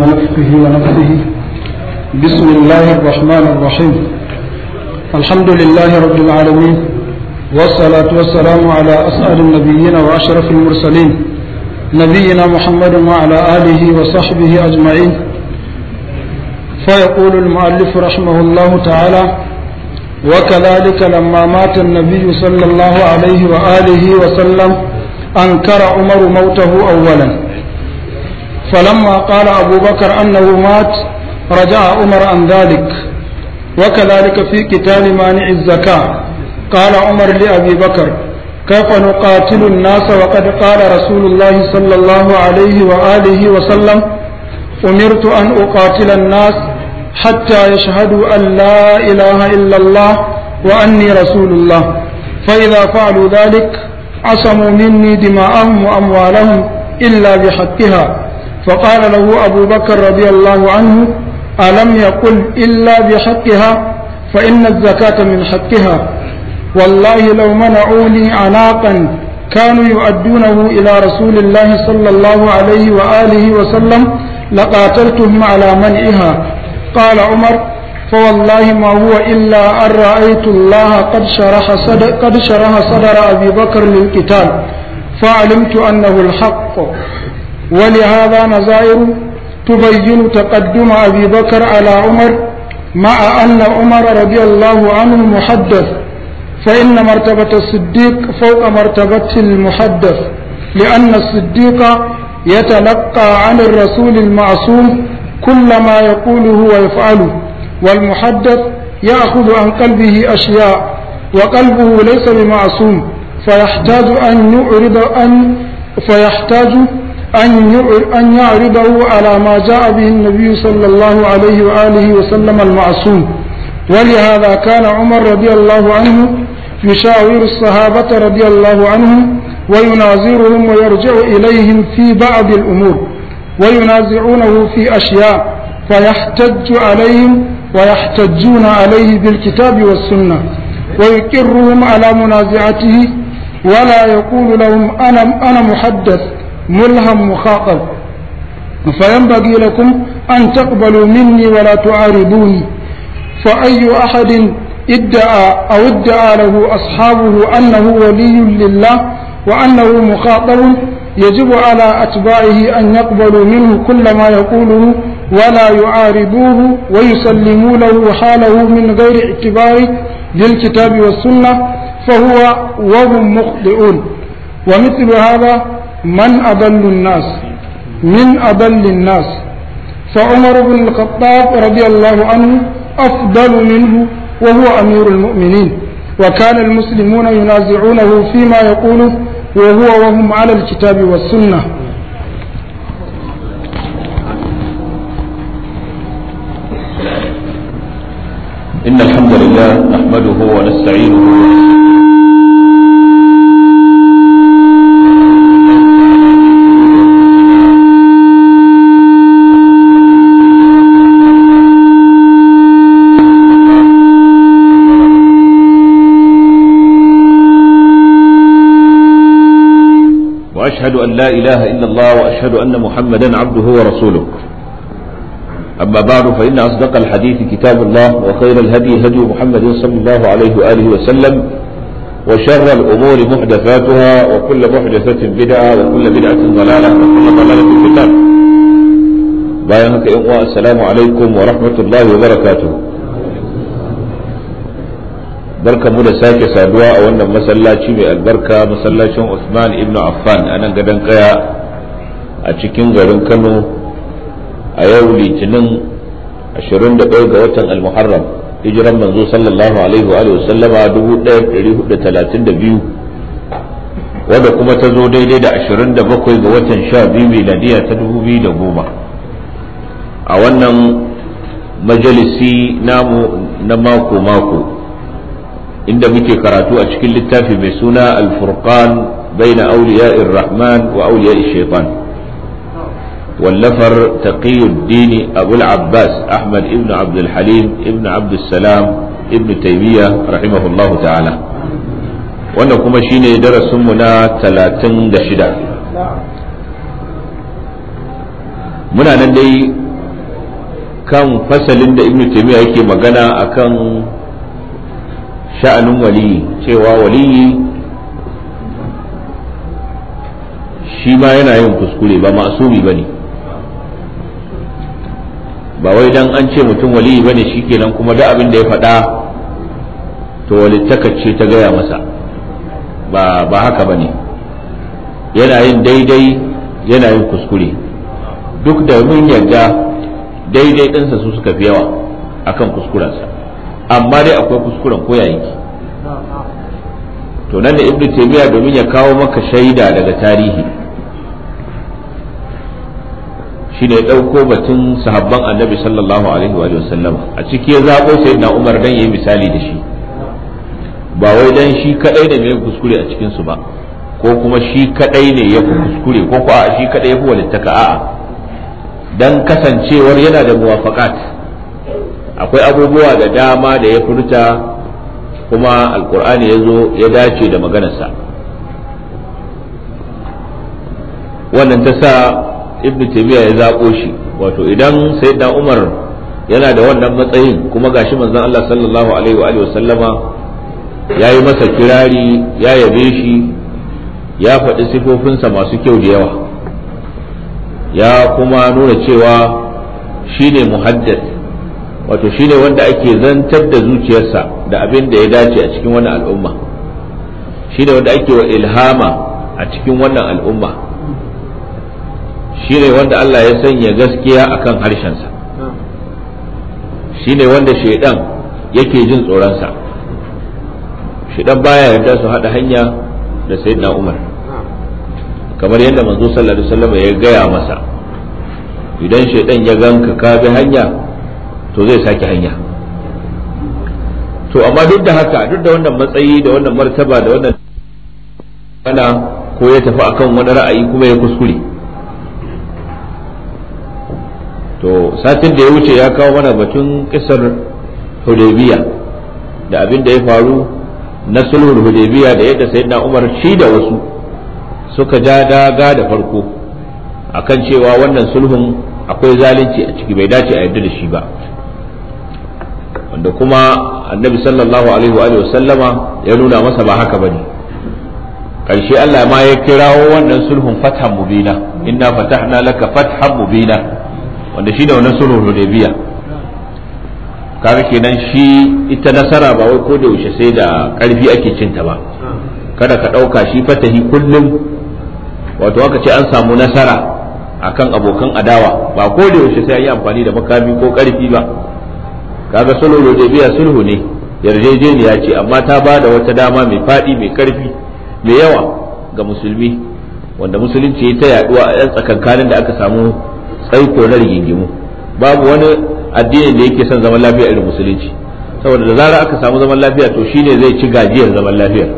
ونفقه ونفقه بسم الله الرحمن الرحيم الحمد لله رب العالمين والصلاة والسلام على أسأل النبيين وأشرف المرسلين نبينا محمد وعلى آله وصحبه أجمعين فيقول المؤلف رحمه الله تعالى وكذلك لما مات النبي صلى الله عليه وآله وسلم أنكر عمر موته أولا فلما قال أبو بكر أنه مات رجع عمر عن ذلك وكذلك في قتال مانع الزكاة قال عمر لأبي بكر كيف نقاتل الناس وقد قال رسول الله صلى الله عليه وآله وسلم أمرت أن أقاتل الناس حتى يشهدوا أن لا إله إلا الله وأني رسول الله فإذا فعلوا ذلك عصموا مني دماءهم وأموالهم إلا بحقها فقال له أبو بكر رضي الله عنه ألم يقل إلا بحقها فإن الزكاة من حقها والله لو منعوني عناقا كانوا يؤدونه إلى رسول الله صلى الله عليه وآله وسلم لقاتلتهم على منعها قال عمر فوالله ما هو إلا أن رأيت الله قد شرح صدر, قد شرح صدر أبي بكر للقتال فعلمت أنه الحق ولهذا نظائر تبين تقدم أبي بكر على عمر مع أن عمر رضي الله عنه محدث فإن مرتبة الصديق فوق مرتبة المحدث لأن الصديق يتلقى عن الرسول المعصوم كل ما يقوله ويفعله والمحدث يأخذ عن قلبه أشياء وقلبه ليس بمعصوم فيحتاج أن يعرض أن فيحتاج أن يعرضه على ما جاء به النبي صلى الله عليه وآله وسلم المعصوم ولهذا كان عمر رضي الله عنه يشاور الصحابة رضي الله عنهم وينازرهم ويرجع إليهم في بعض الأمور وينازعونه في أشياء فيحتج عليهم ويحتجون عليه بالكتاب والسنة ويقرهم على منازعته ولا يقول لهم أنا, أنا محدث ملهم مخاطب فينبغي لكم أن تقبلوا مني ولا تعارضوني فأي أحد ادعى أو ادعى له أصحابه أنه ولي لله وأنه مخاطب يجب على أتباعه أن يقبلوا منه كل ما يقوله ولا يعارضوه ويسلموا له حاله من غير اعتبار للكتاب والسنة فهو وهم مخطئون ومثل هذا من أضل الناس من أضل الناس فعمر بن الخطاب رضي الله عنه أفضل منه وهو أمير المؤمنين وكان المسلمون ينازعونه فيما يقوله وهو وهم على الكتاب والسنة إن الحمد لله نحمده ونستعينه ونستعينه وأشهد أن لا إله إلا الله وأشهد أن محمدا عبده ورسوله أما بعد فإن أصدق الحديث كتاب الله وخير الهدي هدي محمد صلى الله عليه وآله وسلم وشر الأمور محدثاتها وكل محدثة بدعة وكل بدعة ضلالة وكل ضلالة في النار. السلام عليكم ورحمة الله وبركاته. mu da sake saduwa a wannan masallaci mai albarka masallacin Usman ibn Affan a nan gadon kaya a cikin garin Kano a yau litinin 21 ga watan al-Muharram hijiran manzo sallallahu alaihi wa alihi wasallama 1432 wanda kuma ta zo daidai da 27 ga watan 12 miladiya ta 2010 a wannan majalisi namu na mako mako inda muke karatu a cikin littafi mai suna alfurqan furqan baina awliya'ir rahman wa awliya'ish shaitan wallafar taqiyuddini abul abbas ahmad ibn abdul halim ibn abdul salam ibn taymiya rahimahullahu ta'ala wannan kuma shine darasin mu na 36 muna nan dai kan fasalin da ibnu taymiya yake magana akan sha'anin waliyi cewa waliyi shi ma yana yin kuskure ba masumi ba ne ba wai dan an ce mutum waliyi ba ne shikenan kuma da abin da ya faɗa to ce ta gaya masa ba haka ba ne yana yin daidai yana yin kuskure duk da mun yarda daidai ɗinsa su suka fi yawa akan kuskurensa amma dai akwai kuskuren koya yayin to nan da ibnu taymiya domin ya kawo maka shaida daga tarihi shine ya dauko batun sahabban annabi sallallahu alaihi wa sallama a ciki ya sai sayyidina umar dan yayi misali da shi ba wai dan shi kadai ne mai kuskure a cikin su ba ko kuma shi kadai ne ya fi kuskure ko ko shi kadai ya fi walittaka a'a dan kasancewar yana da muwafaqat akwai abubuwa da dama da ya furta kuma alkur'ani ya zo ya dace da maganarsa wannan ta sa ibn taymiya ya zaɓo shi wato idan sai umar yana da wannan matsayin kuma gashi manzon Allah sallallahu alaihi wa alihi sallama ya yi masa kirari ya yabe shi ya faɗi sifofinsa masu kyau da yawa ya kuma nuna cewa shine muhaddad wato shine wanda ake zantar da zuciyarsa da abin da ya dace a cikin wannan al'umma shine wanda ake wa ilhama a cikin wannan al'umma shine wanda Allah ya sanya gaskiya akan harshensa shine wanda shaidan yake jin tsoronsa shaidan baya yarda su haɗa hanya da sayyidina Umar kamar yadda manzo sallallahu alaihi wasallam ya gaya masa idan shaidan ya ganka ka bi hanya to zai sake hanya to amma duk da haka duk da wannan matsayi da wannan martaba da wannan ana ko ya tafi akan wani ra'ayi kuma ya kuskure to satin da ya wuce ya kawo mana batun kisar hudaybiya da abin da ya faru na sulhul hudaybiya da yadda sayyidina umar shi da wasu suka ja daga da farko akan cewa wannan sulhun akwai zalunci a ciki bai dace a yarda da shi ba wanda kuma annabi sallallahu alaihi wa sallama ya nuna masa ba haka bane karshe Allah ma ya kirawo wannan sulhun fathan mubina inna fatahna laka fathan mubina wanda shi da wannan sulhun hudaybiya kaga kenan shi ita nasara ba wai ko da yaushe sai da karfi ake cinta ba kada ka dauka shi fatahi kullum wato aka ce an samu nasara akan abokan adawa ba ko da yaushe sai an yi amfani da makami ko karfi ba kaga sulhul hudaybiya sulhu ne yarjejeniya ce amma ta ba da wata dama mai faɗi mai karfi mai yawa ga musulmi wanda musulunci ta yaduwa a 'yan tsakankanin da aka samu tsaiko na rigingimu babu wani addinin da yake son zaman lafiya irin musulunci saboda da zarar aka samu zaman lafiya to shine zai ci gajiyar zaman lafiyar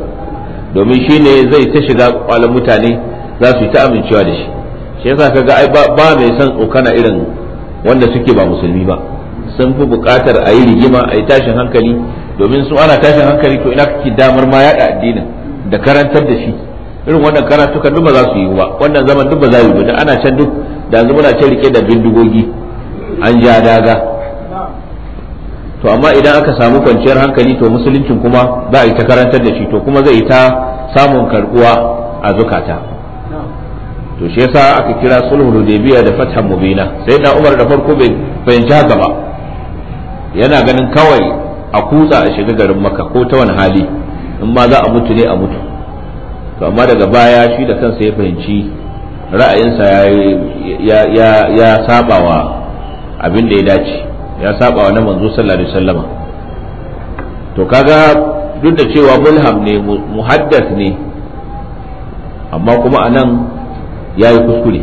domin shine zai ta shiga kwalan mutane za su yi ta amincewa da shi shi yasa kaga ai ba mai son tsokana irin wanda suke ba musulmi ba sun fi buƙatar a yi rigima a yi tashin hankali domin su ana tashin hankali to ina kake damar ma yaɗa addinin da karantar da shi irin wannan karatuka duk ba za su yi ba wannan zaman duk ba za yi ba ana can duk da yanzu muna can rike da bindigogi an ja daga to amma idan aka samu kwanciyar hankali to musuluncin kuma za a yi ta karantar da shi to kuma zai yi ta samun karbuwa a zukata to shi yasa aka kira sulhul hudaybiya da fathan mubina sai da umar da farko bai fahimci haka ba yana ganin kawai a kutsa a shiga garin maka ko ta wani hali in ma za a mutu ne a mutu to amma daga baya shi da kansa ya fahimci ra'ayinsa ya saba wa abin da ya dace ya saba wa na manzo sallallahu alaihi wasallama to kaga duk da cewa mulham ne muhaddas ne amma kuma anan ya yi kuskure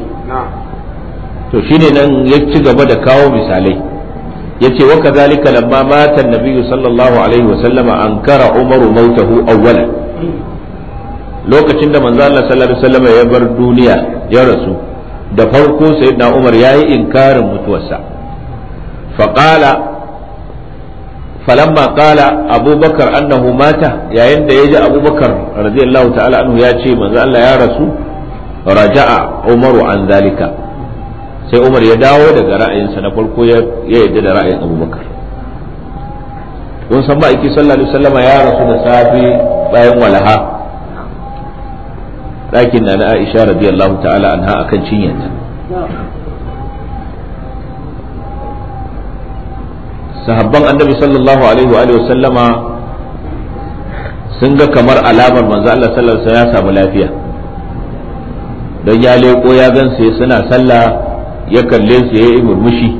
to shine nan ya ci gaba da kawo misalai yace wa kadhalika lamma mata an-nabiy sallallahu alaihi wa sallama ankara umaru mautahu awwalan lokacin da manzo Allah sallallahu alaihi ya bar duniya ya rasu da farko sayyidina Umar yayi inkarin mutuwarsa fa qala falamma qala abubakar annahu mata yayin da yaji abubakar radiyallahu ta'ala anhu ya ce manzo Allah ya rasu raja'a umaru an zalika sai umar ya dawo daga ra'ayinsa na farko ya yarda da ra'ayin abubakar kun san ma'aiki sallallahu alaihi wasallama ya rasu da safe bayan walaha ɗakin na na aisha radiyallahu ta'ala anha akan cinyanta sahabban annabi sallallahu alaihi wa sallama sun ga kamar alamar manzo Allah sallallahu alaihi ya samu lafiya don ya leko ya gansu suna sallah ya kalle su ya yi murmushi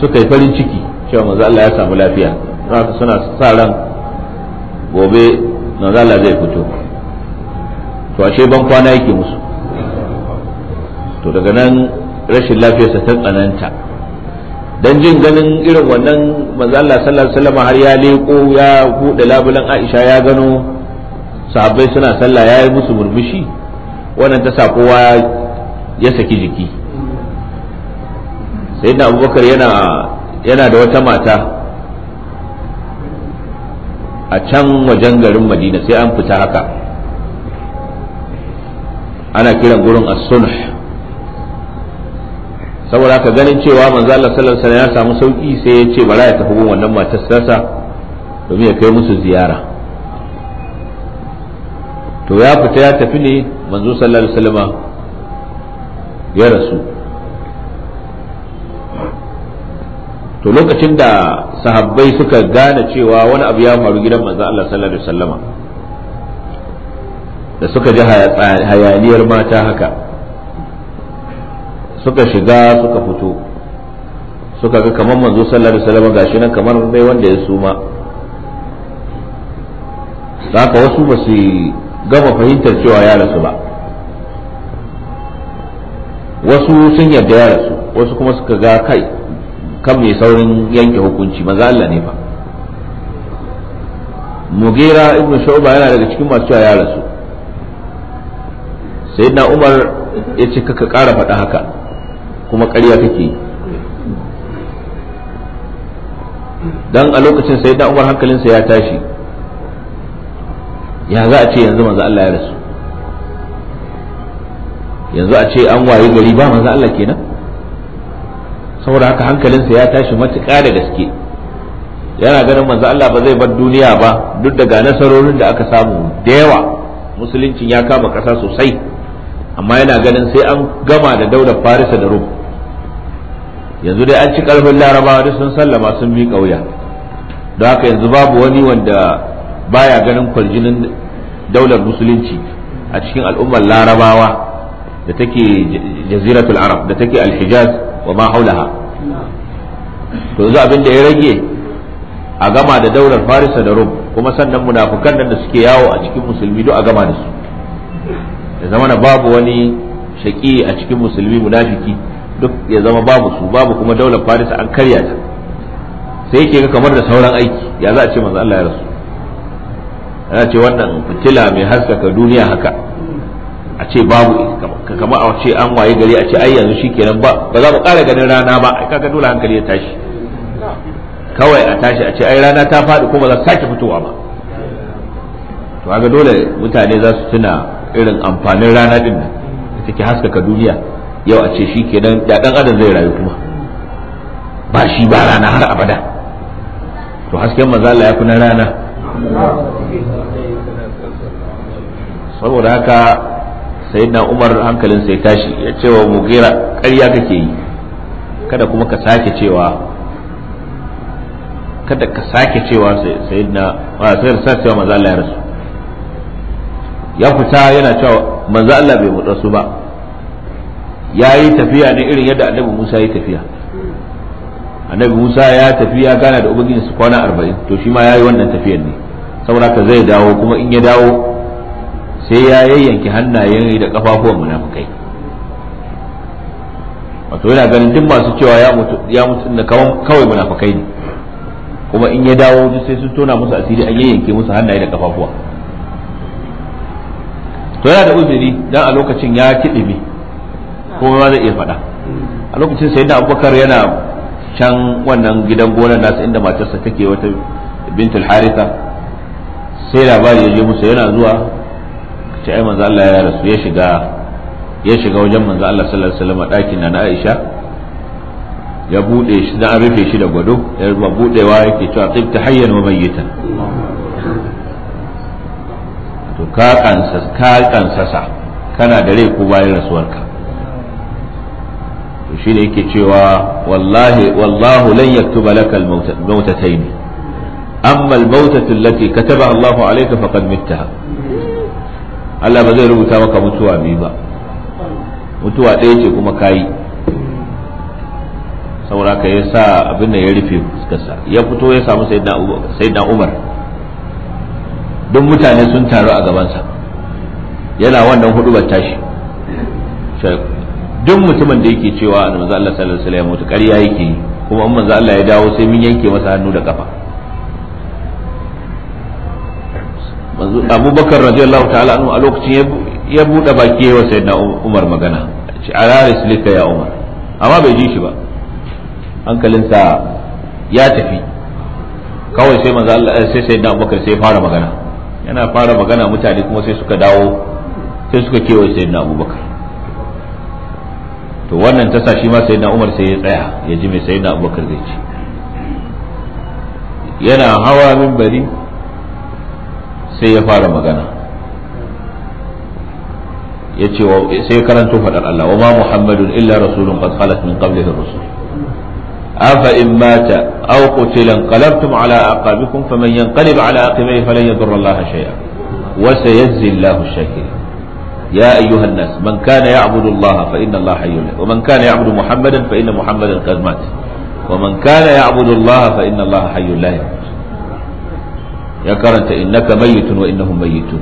suka yi farin ciki cewa manzo Allah ya samu lafiya haka suna sa ran gobe manzo Allah zai fito to ashe ban kwana yake musu to daga nan rashin lafiyarsa ta tsananta dan jin ganin irin wannan manzo Allah sallallahu alaihi wasallam har ya leko ya bude labulan Aisha ya gano sahabbai suna sallah ya yi musu murmushi wannan ta sa kowa ya saki jiki sai da abubakar yana da wata mata a can wajen garin madina sai an fita haka ana kiran gurin Asuna sunh saboda haka ganin cewa manzo Allah sallallahu alaihi wasallam ya samu sauki sai ya ce bara ya tafi gurin wannan matar sasa domin ya kai musu ziyara to ya fita ya tafi ne manzo sallallahu alaihi wasallam ya rasu to lokacin da sahabbai suka gane cewa wani abu ya faru gidan manzo Allah sallallahu alaihi wasallama da suka ji hayaniyar mata haka suka shiga suka fito suka ga kamar manzo sallallahu alaihi wasallama gashi nan kamar bai wanda ya suma haka wasu ba su gama fahimtar cewa ya rasu ba wasu sun yarda ya rasu wasu kuma suka ga kai kan mai saurin yanke hukunci maza Allah ne ba mugira ibn shu'ba yana daga cikin masu cewa ya rasu na umar ya ce ka kara faɗa haka kuma ƙarya kake yi dan a lokacin na umar hankalinsa ya tashi ya za a ce yanzu manzo Allah ya rasu yanzu a ce an waye gari ba manzo Allah kenan saboda haka hankalinsa ya tashi matuƙa da gaske yana ganin manzo Allah ba zai bar duniya ba duk daga nasarorin da aka samu da yawa musuluncin ya kama ƙasa sosai amma yana ganin sai an gama da daular farisa da rum yanzu dai an ci ƙarfin larabawa da sun sallama sun bi ƙauya don haka yanzu babu wani wanda baya ganin kwarjinin daular musulunci a cikin al'ummar larabawa da take jaziratul arab da take alhijaz wa ma haulaha to yanzu abin da ya rage a gama da daular farisa da rum kuma sannan munafukan nan da suke yawo a cikin musulmi duk a gama da su ya zama na babu wani shaki a cikin musulmi munafiki duk ya zama babu su babu kuma daular farisa an karya ta sai yake ga kamar da sauran aiki ya za a ce manzo Allah ya rasu ya ce wannan fitila mai haskaka duniya haka a ce babu ka kama a ce an waye gari a ce ai yanzu shikenan ba ba za mu ƙara ganin rana ba ai kaga dole hankali ya tashi kawai a tashi a ce ai rana ta faɗi kuma za su sake fitowa ba to kaga dole mutane za su tuna irin amfanin rana din nan take haskaka duniya yau a ce shikenan da dan adam zai rayu kuma ba shi ba rana har abada to hasken manzo Allah ya kuna rana saboda haka na umar hankalin sai tashi ya ce wa mugira ƙarya kake yi kada kuma ka sake cewa kada ka sake cewa sayyidina ah, sai sa cewa manzo Allah ya rasu ya fita yana cewa manzo Allah bai mutu su ba yayi tafiya ne irin yadda annabi Musa ya tafiya annabi Musa ya tafi ya gana da ubangiji su kwana arba'in to shi ma ya yi wannan tafiyar ne saboda ka zai dawo kuma in ya dawo sai ya yayyanki hannayen da kafafuwan munafukai wato yana ganin duk masu cewa ya mutu da kawai munafukai ne kuma in ya dawo duk sai sun tona musu asiri an yayyanke musu hannaye da kafafuwa to yana da uzuri dan a lokacin ya kidime kuma ma zai iya faɗa a lokacin sai da abubakar yana can wannan gidan gonar nasu inda matarsa take wata bintul haritha sai labari ya je musu yana zuwa ta yi manzo Allah ya rasu ya shiga ya shiga wajen manzo Allah sallallahu alaihi wasallam ɗakin na Aisha ya bude shi da rufe shi da gwado ya ruwa budewa yake cewa tibta hayyan wa mayyitan to ka kansa ka kansasa kana da rai ko bayan rasuwarka to shi ne yake cewa wallahi wallahu lan yaktuba laka al-mautatayn amma al-mautatu allati katabaha Allahu alayka faqad mittaha Allah ba zai rubuta maka mutuwa biyu ba mutuwa ɗaya ce kuma kayi saboda ka ya sa abin da ya rufe fuskarsa ya fito ya samu da Umar duk mutane sun taru a gabansa yana wannan ba tashi duk mutumin da yake cewa annabi Allah sallallahu alaihi wasallam mutu ƙarya yake kuma in manzo Allah ya dawo sai mun yanke masa hannu da kafa abubakar radiyallahu ta'ala anhu a lokacin ya buɗe baki yawa sai umar magana ce a raris lika ya umar amma bai ji shi ba hankalinsa ya tafi kawai sai manzo Allah eh, sai sai abubakar sai fara magana yana fara magana mutane kuma sai suka dawo sai suka kewaye sai abubakar to wannan ta sa shi ma sai umar sai ya tsaya ya ji mai sai abubakar zai ci yana hawa min bari sai ya fara magana ya ce sai karanto faɗar Allah wa ma muhammadun illa rasulun qad khalat min qablihi ar rusul afa in mata aw qutila qalabtum ala aqabikum faman yanqalib ala aqibihi falan yadurra Allah shay'a wa sayazzi Allah ash man kana ya'budu Allah fa inna Allah hayyun wa man kana ya'budu muhammadan fa inna muhammadan qad mat wa man kana ya'budu Allah fa inna Allah hayyun la yamut ya karanta innaka mayyitun wa innahum mayyitun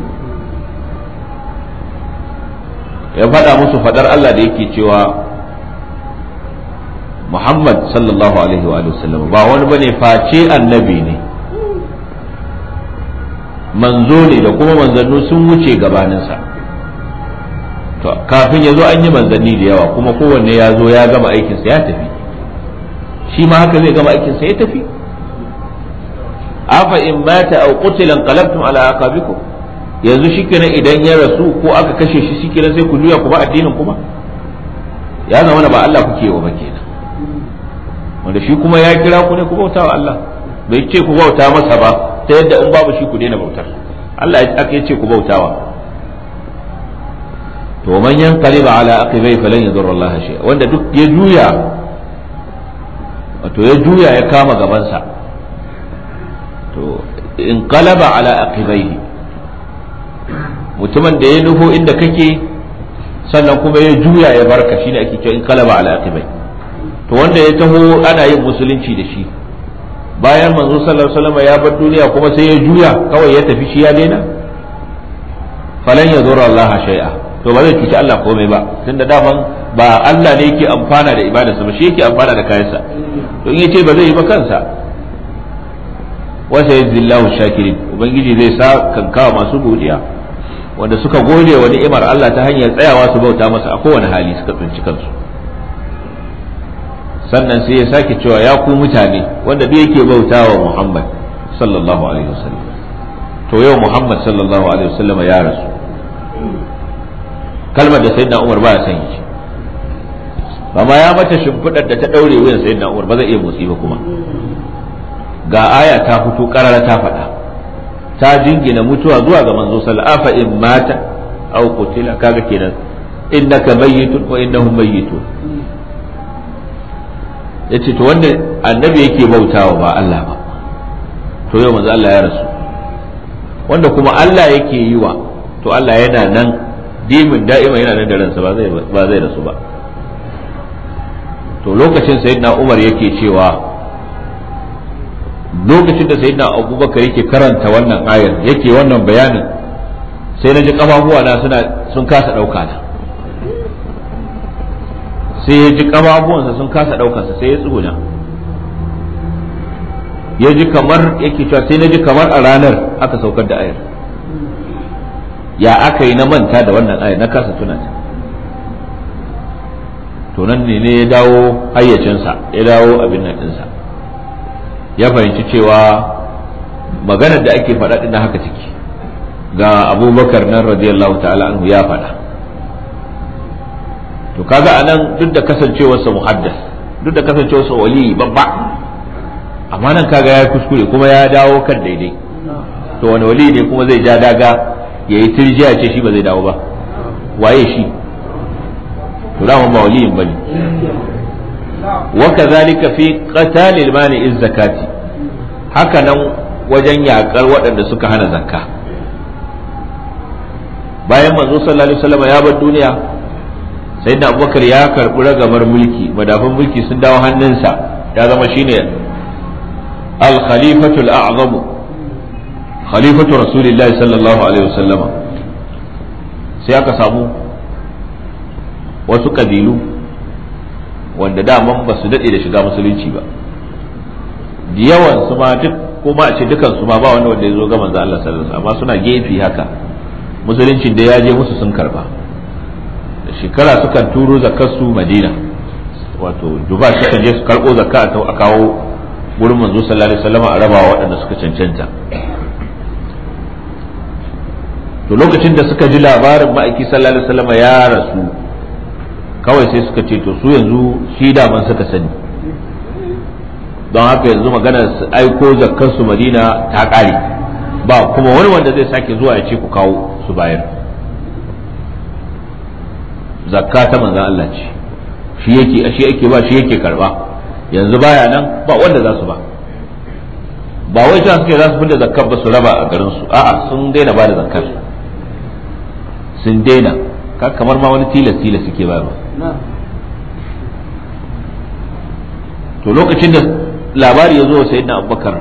ya faɗa musu faɗar Allah da yake cewa Muhammad sallallahu alaihi wa sallam ba wani bane face annabi ne manzo ne da kuma manzannu sun wuce gabaninsa to kafin ya zo an yi manzanni da yawa kuma kowanne ya zo ya gama aikinsa ya tafi shi ma haka zai gama aikinsa ya tafi afa in mata aw qutila qalabtum ala aqabikum yanzu shikenan idan ya rasu ko aka kashe shi shikenan sai ku juya ku ba addinin kuma ya zama ba Allah kuke wa ba kenan wanda shi kuma ya kira ku ne ku bauta wa Allah bai ce ku bauta masa ba ta yadda in babu shi ku daina bautar Allah aka yace ku bautawa to man yanqalib ala aqibai falan yadurra Allah shay wanda duk ya juya wato ya juya ya kama gabansa to in qalaba ala aqibaihi mutumin da ya nufo inda kake sannan kuma ya juya ya barka shine ake cewa in qalaba ala aqibai to wanda ya taho ana yin musulunci da shi bayan manzo sallallahu alaihi wasallam ya bar duniya kuma sai ya juya kawai ya tafi shi ya daina falan yadurra Allah shay'a to ba zai kici Allah komai ba tunda daman ba Allah ne yake amfana da ibadarsa ba shi yake amfana da kayansa to in yace ba zai yi ba kansa wa Zillahu shakirin ubangiji zai sa kankawa masu godiya wanda suka gode wa ni'imar Allah ta hanyar tsayawa su bauta masa a kowane hali suka tsinci kansu sannan sai ya sake cewa ya ku mutane wanda bai yake bauta wa Muhammad sallallahu alaihi wasallam to yau Muhammad sallallahu alaihi wasallam ya rasu kalmar da sayyidina Umar ba ya san shi ba ma ya mata shimfidar da ta daure wuyan sayyidina Umar ba zai iya motsi ba kuma ga aya ta fito karara ta faɗa ta jingina mutuwa zuwa ga manzo sallallahu alaihi in mata aw qutila kaga kenan innaka mayyitun wa innahum mayyitun yace to wanda annabi yake bautawa ba Allah ba to yau manzo Allah ya rasu wanda kuma Allah yake yi wa to Allah yana nan dimin da'ima yana nan da ransa ba zai ba zai rasu ba to lokacin sayyidina Umar yake cewa lokacin da sayyidina abubakar yake karanta wannan ayar yake wannan bayanin sai na ji na suna sun kasa ɗauka na sai ya ji kamabuwansa sun kasa ɗaukansa sai ya tsuguna ya ji kamar yake cewa sai na ji kamar a ranar aka saukar da ayar ya aka yi na manta da wannan ayar na kasa ta? to nan ne ya dawo hayyacinsa ya dawo abin nan ɗinsa ya fahimci cewa maganar da ake faɗa ɗin haka ciki ga abubakar nan radiyallahu ta'ala anhu ya faɗa to kaga nan duk da kasancewarsa muhaddas duk da kasancewarsa wali babba amma nan kaga ya kuskure kuma ya dawo kan daidai to wani wali ne kuma zai ja daga ya yi turjiya ce shi ba zai dawo ba waye shi to dama ba waliyin bane wa kazalika fi qatalil mani'iz zakati haka nan wajen yakar waɗanda suka hana zakka bayan manzo sallallahu alaihi wasallam ya bar duniya sayyidina abubakar ya karɓi ragamar mulki madafin mulki sun dawo hannunsa ya zama shine al-khalifatul a'zamu khalifatu rasulillahi sallallahu alaihi wasallama sai aka samu wasu kabilu wanda daman ba su daɗe da shiga musulunci ba da yawan su ma duk ko a ce dukan su ma ba wanda wanda ya zo ga manzo Allah sallallahu alaihi amma suna gefe haka musuluncin da ya je musu sun karba shekara sukan turo zakar su Madina wato Duba sukan je su karbo zakka a kawo gurin manzo sallallahu alaihi wasallam a rabawa waɗanda suka cancanta to lokacin da suka ji labarin ma'aiki sallallahu alaihi wasallam ya rasu kawai sai suka ce to su yanzu shi daman suka sani don haka yanzu su aiko su madina ta ƙare ba kuma wani wanda zai sake zuwa ya ce ku kawo su bayar zakka ta manzan Allah ce shi yake shi yake ba shi yake karba yanzu baya nan ba wanda za su ba ba wai ta suke za su fita zakkar ba su raba a garin su a'a sun daina ba da zakkar sun daina ka kamar ma wani tilas tilas suke ba to lokacin da labari ya zo wa sayyidina abubakar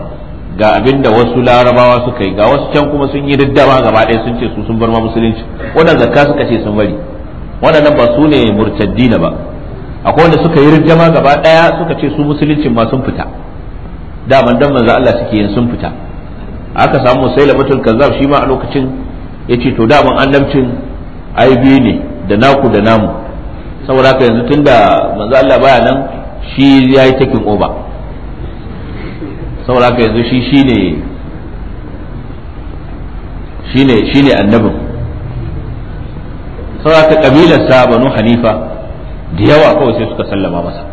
ga abin da wasu larabawa suka yi ga wasu can kuma sun yi daddama gaba ɗaya sun ce su sun bar ma musulunci wannan zakka suka ce sun bari waɗannan ba su ne murtaddina ba akwai wanda suka yi rijjama gaba ɗaya suka ce su musuluncin ma sun fita daman dan manzo Allah suke yin sun fita aka samu labatul kazzab shi ma a lokacin yace to daman annabcin ai biyu ne da naku da namu saboda haka yanzu tunda manzo Allah baya nan shi ya yi taking over saboda haka yanzu shi shine shine shine annabin saboda haka kabilar sa banu hanifa da yawa kawai sai suka sallama masa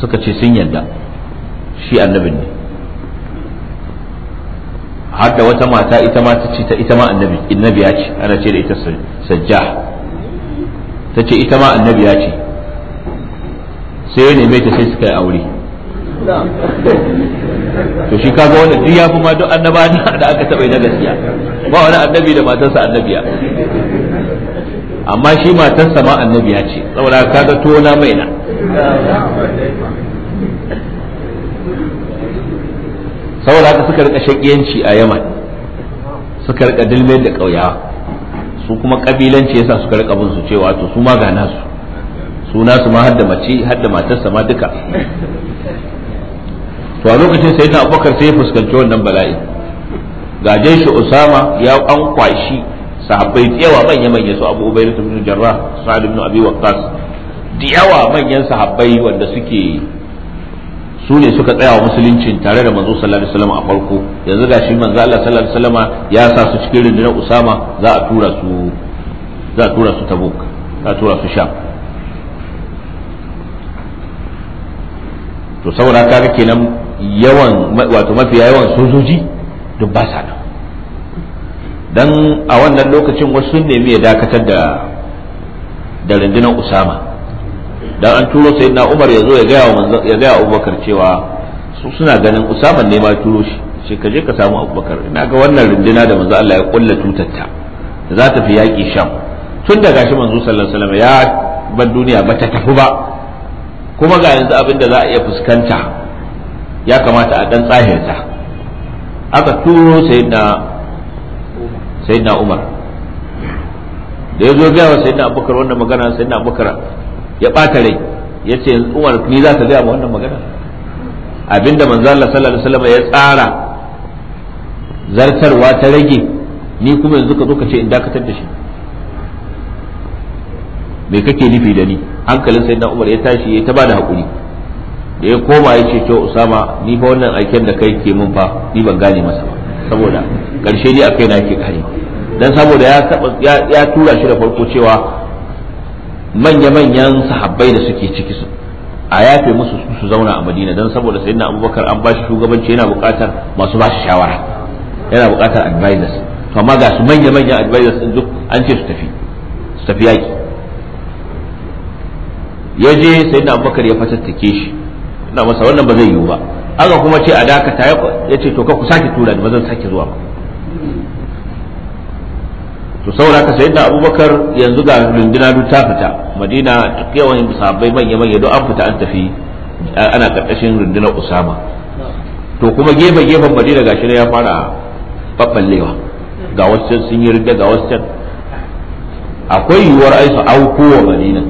suka ce sun yarda shi annabin ne har da wata mata ita ma ta ce ita ma annabi annabiya ce ana ce da ita sajja. ta ce ita ma annabiya ce sai ya neme ta sai suka yi aure to shi kaga wanda duk ya fi ma duk annaba da aka taɓa na gaskiya ba wani annabi da matarsa annabiya amma shi matarsa ma annabiya ce saboda kaga tona na? saboda haka suka rika shakiyanci a yaman suka rika dilmai da ƙauyawa su kuma kabilanci yasa suka rika bin su cewa to su ma ga nasu su nasu ma hadda mace hadda matarsa ma duka to a lokacin sai na abubakar sai ya fuskanci wannan bala'i ga shi usama ya an kwashi sahabbai da yawa manya manya su abu ubaidu ibn jarrah sa'id ibn abi waqqas da yawa manyan sahabbai wanda suke su ne suka tsaya wa musuluncin tare da manzo sallallahu alaihi wasallam a farko yanzu gashi manzo Allah sallallahu alaihi wasallam ya sa su cikin rundunar Usama za a tura su za a tura su Tabuk za a tura su Sham to saboda ga kenan yawan wato mafi yawan sojoji duk ba sa nan dan a wannan lokacin wasu sun nemi ya dakatar da da rundunar Usama dan an turo sai na Umar ya zo ya gaya wa ya gaya Abubakar cewa su suna ganin Usama ne ma turo shi sai ka je ka samu Abubakar ina ga wannan rundina da manzo Allah ya kulla tutatta za ta fi yaki Sham tun da gashi manzo sallallahu alaihi wasallam ya bar duniya ba ta tafi ba kuma ga yanzu abin da za a iya fuskanta ya kamata a dan tsahirta aka turo sayyidina sayyidina Umar da ya zo gaya wa sayyidina Abubakar wannan magana sayyidina Abubakar ya ɓata rai ya ce umar ni za ta gaya ma wannan magana abinda manzo Allah sallallahu alaihi wasallam ya tsara zartarwa ta rage ni kuma yanzu ka zo ka ce in dakatar da shi me kake nufi da ni hankalin na umar ya tashi ya ta bada hakuri da ya koma ya ce to usama ni fa wannan aikin da kai ke mun fa ni ban gane masa ba saboda karshe ni akai na ke kare dan saboda ya ya tura shi da farko cewa manya-manyan sahabbai da suke ciki su a yafe musu su zauna a madina don saboda sai na abubakar an bashi shugabanci yana buƙatar masu bashi shawara yana buƙatar advisors to amma ga su manya-manyan advisors ɗin duk an ce su tafi su tafi yaƙi ya je sai na abubakar ya fatattake shi na masa wannan ba zai yiwu ba aka kuma ce a dakata ya ce to ka ku sake tura ni ba zan sake zuwa ba to saboda ka sayyidina abubakar yanzu ga lunduna duk ta fita madina yawan sabai manya manya duk an fita an tafi ana karkashin runduna usama to kuma gefe gefen madina gashi ne ya fara babballewa ga wasu sun yi ridda ga wasu akwai yiwuwar aisa auko wa madina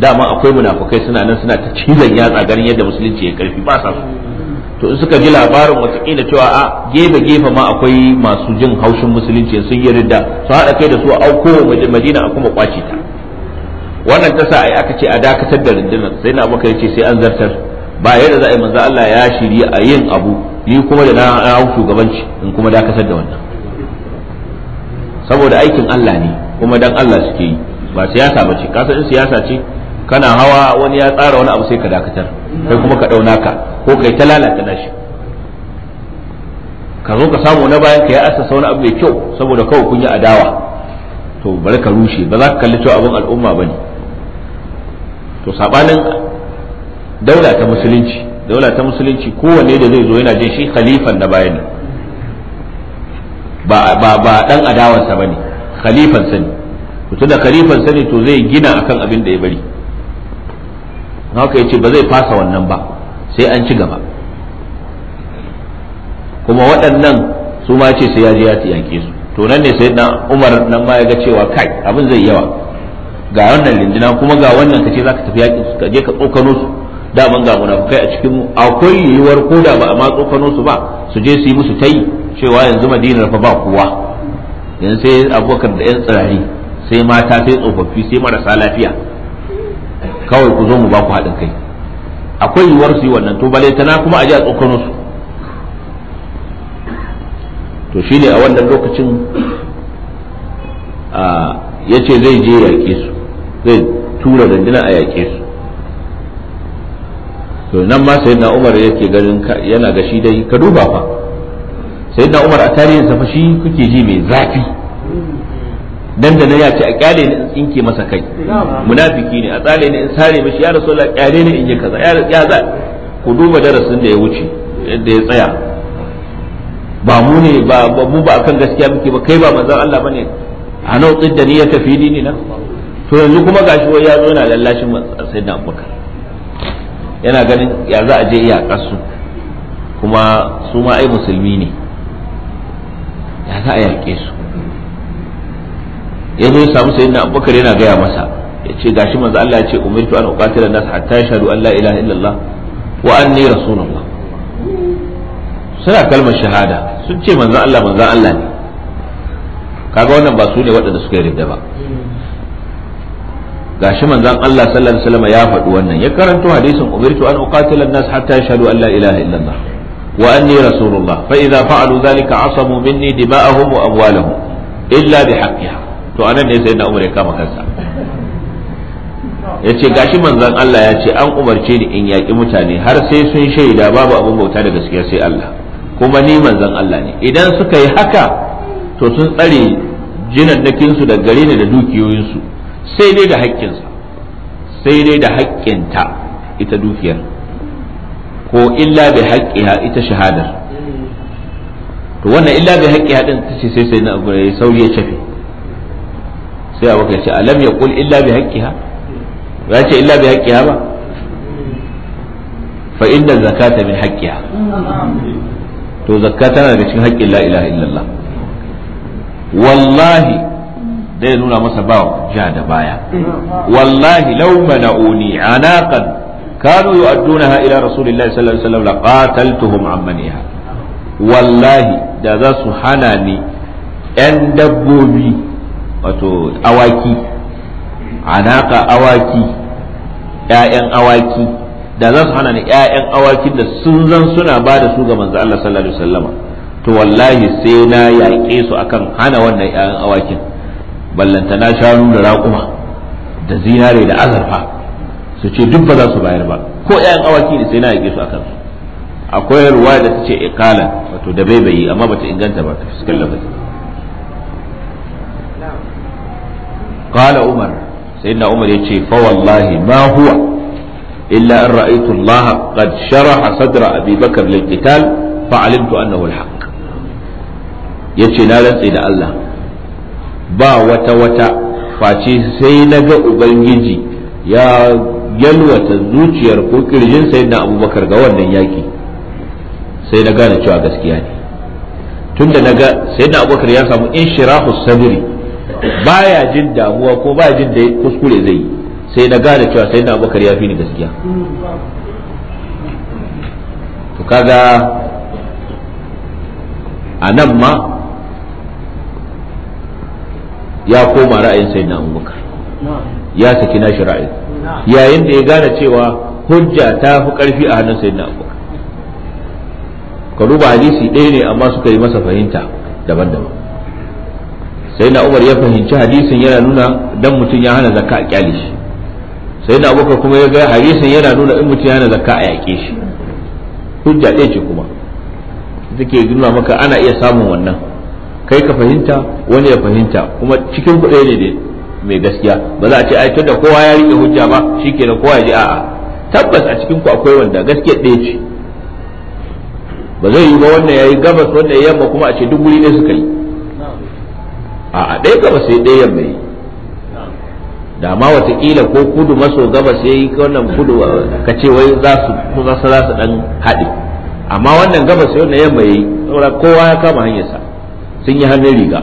dama akwai munafukai suna nan suna ta cizon yatsa ganin yadda musulunci ya karfi ba sa su to in suka ji labarin kila cewa a gefe gefe ma akwai masu jin haushin musulunci sun yi ridda su haɗa kai da su auko madina a kuma kwace ta wannan ta sa ai aka ce a dakatar da rundunar sai na abokai ce sai an zartar ba yadda za a yi manzo Allah ya shiri a yin abu ni kuma da na hau shugabanci in kuma dakatar da wannan saboda aikin Allah ne kuma dan Allah suke yi ba siyasa ba ce kasar siyasa ce kana hawa wani ya tsara wani abu sai ka dakatar kai kuma ka dauna ka ko kai ta lalata nashi ka zo ka samu na bayan ka ya asasa wani abu mai kyau saboda kawai kun yi adawa to bari ka rushe ba za ka kalli cewa abin al'umma bane to sabanin daula ta musulunci daula ta musulunci kowanne da zai zo yana jin shi khalifan na bayan ba ba ba dan adawansa bane khalifan sani to tunda khalifan sani to zai gina akan abin da ya bari haka ce ba zai fasa wannan ba sai an ci gaba kuma waɗannan su ma ce sai ya je ya yaƙe su to nan ne sai na Umar nan ma ya ga cewa kai abin zai yawa ga wannan lindina kuma ga wannan ka ce za ka tafi yaƙi su je ka tsokano su daman ga munafukai a cikin mu akwai yiwuwar ko da ba a ma tsokano su ba su je su yi musu tai cewa yanzu Madinar fa ba kowa yanzu sai Abubakar da yan tsirari sai mata sai tsofaffi sai marasa lafiya kawai ku zo mu ba ku haɗin kai akwai yiwuwar su yi wannan to bale tana kuma a ji a tsokano su to shi ne a wannan lokacin ya ce zai je yaƙe su zai tura dandina a yaƙe su to nan ma sai na umar yake ganin yana ga shi dai ka duba fa sai na umar a tarihinsa fa shi kuke ji mai zafi dan da na ya ce a kyale ni in tsinke masa kai munafiki ne a tsale ni in sare mishi ya rasulullah kyale ni in yi kaza ya za ku duba darasin da ya wuce da ya tsaya ba mu ne ba mu ba akan gaskiya muke ba kai ba manzon Allah bane a nau tsidda ni ya tafi dini na to yanzu kuma gashi wai ya zo yana lallashin da Abubakar yana ganin ya za a je iya kasu kuma su ma ai musulmi ne ya za a yaƙe su ya zo ya samu na abubakar yana gaya masa ya ce gashi manzo Allah ya ce umirtu an uqatila nas hatta yashhadu an la ilaha illallah wa anni rasulullah suna kalmar shahada sun ce manzo Allah manzo Allah ne kaga wannan ba su ne waɗanda suka yarda ba gashi manzon Allah sallallahu alaihi wasallam ya faɗi wannan ya karanto hadisin umirtu an uqatila an-nas hatta yashhadu an la ilaha illallah wa anni rasulullah fa idza fa'alu dhalika asamu minni dima'ahum wa amwalahum illa bihaqqiha to anan ne sai na umar ya kama kansa ya ce gashi manzan Allah ya ce an umarce ni in yaƙi mutane har sai sun shaida babu abin bauta da gaskiya sai Allah kuma ni manzan Allah ne idan suka yi haka to sun tsare jinannakinsu da gare ni da dukiyoyinsu sai dai da haƙƙinsa sai dai da haƙƙinta ita dukiyar ko illa bi haƙƙiha ita shahadar to wannan illa bi haƙƙiha din ta ce sai sai na sauri ya cafe sai abubakar ce alam ya kul illa bi haqqiha ba ce illa bi haqqiha ba fa inna zakata min haqqiha to zakata na daga cikin haƙƙin la ilaha illallah wallahi zai nuna masa ba ja da baya wallahi law mana'uni anaqan kanu yu'addunaha ila rasulillahi sallallahu alaihi wasallam ammaniha wallahi da za su hana ni 'yan dabbobi wato awaki anaka awaki ‘ya'yan awaki da za su hana ni ‘ya'yan awakin da sun zan suna ba da su ga manzo Allah sallallahu alaihi wasallama to wallahi sai na yaƙe su akan hana wannan ‘ya'yan awakin ballanta na shanu da raƙuma da zinare da azarfa su ce duk ba za su bayar ba ko ‘ya'yan awaki ne sai na yaƙe su akan su akwai ruwa da ta ce iqalan wato da baibayi amma bata inganta ba ta fuskar lafazi qala umar sayyidina umar yace fa wallahi ma huwa illa an ra'aytu Allah qad sharaha sadra Abi Bakr lil qital fa alimtu annahu yace na rantse da Allah ba wata wata face sai na ga ubangiji ya yalwata zuciyar ko kirjin sayyidina Abubakar ga wannan yaki sai na gane cewa gaskiya ne tunda naga sayyidina Abubakar ya samu inshirahus sabri baya jin damuwa ko baya jin da kuskure zai yi sai na gane cewa sai na abokar ya fi ni gaskiya to kaga a nan ma ya koma ra'ayin sai na abokar ya saki nashi ra'ayi yayin da ya gane cewa hujja ta fi karfi a hannun sai na abokar ka duba hadisi ɗaya ne amma suka yi masa fahimta daban-daban sai na umar ya fahimci hadisin yana nuna dan mutum ya hana zakka a kyale shi sai na abubakar kuma ya ga hadisin yana nuna in mutum ya hana zakka a yaƙe shi hujja ɗaya ce kuma take nuna maka ana iya samun wannan kai ka fahimta wani ya fahimta kuma cikin kuɗi ne da mai gaskiya ba za a ce ai da kowa ya rike hujja ba shikenan kowa ya ji a'a tabbas a cikin ku akwai wanda gaskiya ɗaya ce ba zai yi ba wannan ya yi gabas wannan yamma kuma a ce duk wuri ne suka yi a ɗaya gaba sai ɗaya yamma yi da ma watakila ko kudu maso gaba sai yi wannan kudu ka ce wai za su kusa za su dan haɗe amma wannan gaba sai na yamma yi saboda kowa ya kama hanyarsa sun yi hannun riga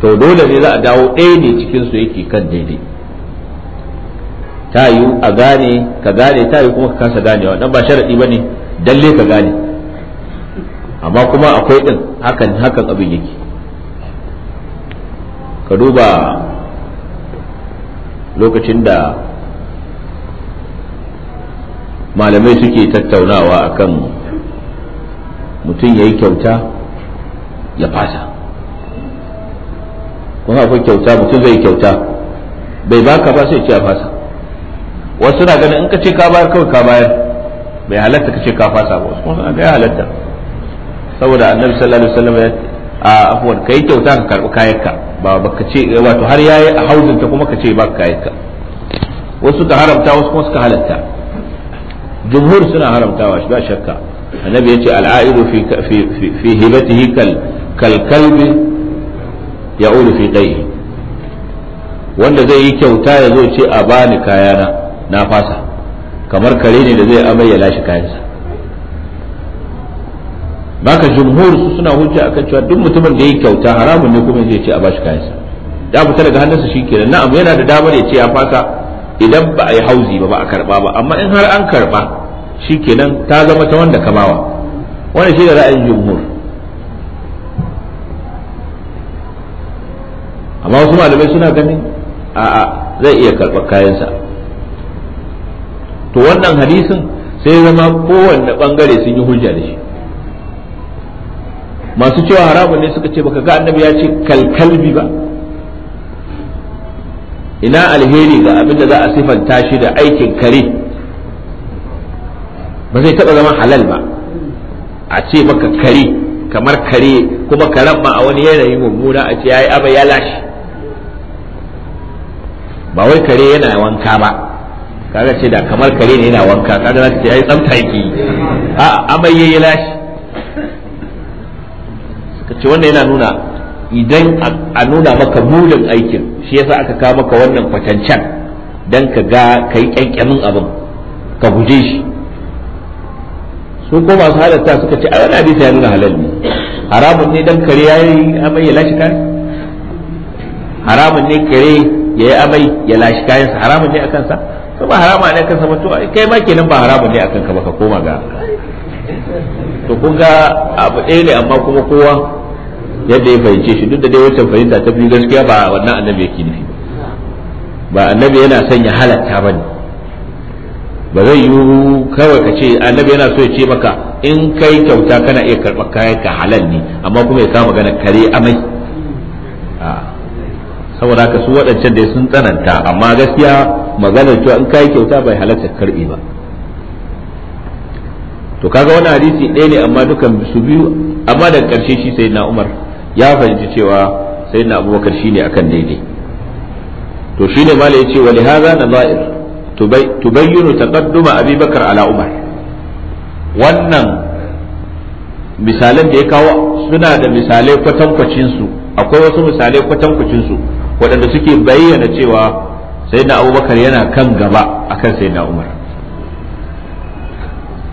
to dole ne za a dawo ɗaya ne cikinsu yake kan daidai ta yiwu a gane ka gane ta yiwu kuma ka kasa ganewa dan ba sharaɗi ba ne dalle ka gane amma kuma akwai ɗin hakan hakan abin yake ka duba lokacin da malamai suke tattaunawa a kan mutum ya yi kyauta ya fasa kuma akwai kyauta mutum zai kyauta bai baka ba sai ce a fasa wasu na ganin in ka ce ka bayar kawai ka bayar bai halatta ka ce ka fasa ba wasu kuma suna ga ya halatta saboda annabi sallallahu alaihi wasallam a afwan kai kyauta ka karbi kayanka ba baka ce wato har yayi a hauzin ta kuma ka ce ba kayanka wasu ka haramta wasu kuma suka halatta jumhur suna haramtawa shi ba shakka annabi yace al'aidu fi fi fi hibatihi kal kal kalbi ya'ulu fi qayhi wanda zai yi kyauta ya zo ce a bani kayana na fasa kamar kare ne da zai amai ya lashe kayansa baka jumhur su suna hujja akan cewa duk mutumin da ya kyauta haramun ne kuma zai ce a bashi kayansa ya fita daga hannunsa shikenan na'am yana da damar ya ce ya fasa idan ba a yi hauzi ba ba a karba ba amma in har an karba shikenan ta zama ta wanda kamawa wannan shi da ra'ayin jumhur amma wasu malamai suna ganin a'a zai iya karɓar kayansa to wannan hadisin sai zama kowanne bangare sun yi hujja da shi masu cewa haramun ne suka ce baka ga annabi ya ce kalkalbi ba ina alheri ga abin da za a sifanta shi da aikin kare ba zai taɓa zama halal ba a ce baka kare kamar kare kuma karen ma a wani yanayi mummuna a ce yayi abai ya lashe ba wai kare yana wanka ba kaga ce da kamar kare ne yana wanka kaga za ta ce yayi tsamta yake a amai yayi lashe ce wannan yana nuna idan a nuna maka mulin aikin shi yasa aka kawo maka wannan kwacancan dan ka ga kai kyankyamin abin ka guje shi su ko masu halatta suka ce a wani hadisi ya nuna halal ne haramun ne dan kare yayi amai ya lashi kayan haramun ne kare yayi amai ya lashi kayan sa haramun ne akan sa kuma harama ne akan sa ba to kai ma kenan ba haramun ne akan ka ba ka koma ga to kun ga abu ɗaya ne amma kuma kowa yadda ya fahimce shi duk da dai wancan fahimta ta biyu gaskiya ba wannan annabi yake nufi ba annabi yana son ya halatta bane ba zai yi kawai ka ce annabi yana so ya ce maka in kai kyauta kana iya karɓar kayan ka halal ne amma kuma ya kama gana kare amai saboda ka su waɗancan da sun tsananta amma gaskiya maganar cewa in kai kyauta bai halatta karɓi ba to kaga wani hadisi ɗaya ne amma dukan su biyu amma daga ƙarshe shi sai na umar ya fahimci cewa sai sayyidina abubakar shine akan daidai to shine mala yace wa lihaza nadair tubayyinu taqadduma abubakar ala umar wannan misalan da ya kawo suna da misalai kwatankwacin su akwai wasu misalai kwatankwacin su waɗanda suke bayyana cewa sayyidina abubakar yana kan gaba akan sayyidina umar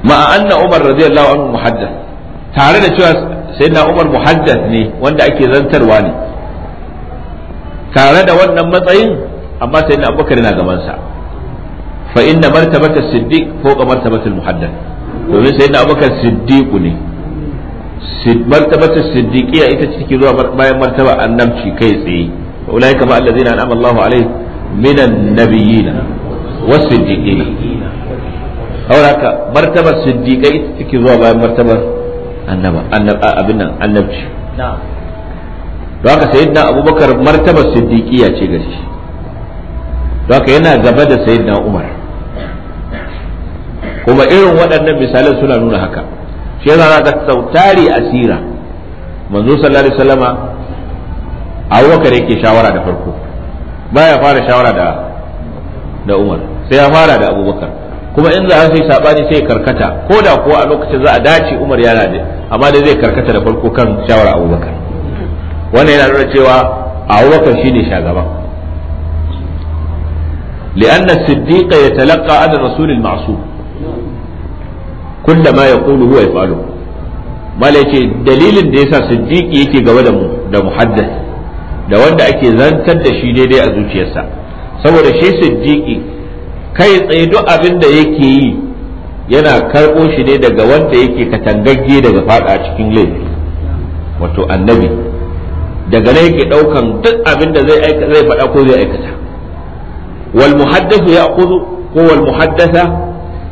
ma'a anna umar radiyallahu anhu muhaddath tare da cewa sayyidina Umar muhaddath ne wanda ake zantarwa ne tare da wannan matsayin amma sayyidina Abubakar yana gaban sa fa inna martabata siddiq fawqa martabata muhaddath domin sayyidina Abubakar siddiqu ne martabata siddiqiyya ita ce take zuwa bayan martaba annabci kai tsaye ulaika ma allazina an'ama Allahu alaihim minan nabiyina was siddiqina auraka martabar siddiqai ita take zuwa bayan martabar annaba abin nan annabci don haka sayyidina abubakar martaba siddiqiya ce gare shi don haka yana gaba da sayyidina umar kuma irin waɗannan misalan suna nuna haka shi yasa ga sautari asira manzo sallallahu alaihi wasallama abubakar yake shawara da farko baya fara shawara da da umar sai ya fara da abubakar kuma in za a yi sabani sai karkata ko da kuwa a lokacin za a dace Umar ya nade amma dai zai karkata da farko kan shawar abubakar. Bakar wannan yana nuna cewa Abu Bakar shine shagaban lianna as-siddiq yatalaqa ala rasul al-ma'sum kullu ma yaqulu huwa yaf'alu malaka dalilin da yasa siddiq yake gaba da mu da muhaddas da wanda ake zantar da shi daidai a zuciyarsa saboda shi siddiqi kai tsaye duk abin da yake yi yana karɓo shi ne daga wanda yake katangagge daga faɗa cikin laifi wato annabi daga nan yake ɗaukan duk abin da zai faɗa ko zai aikata wal muhaddathu ya'khudhu ko wal muhaddatha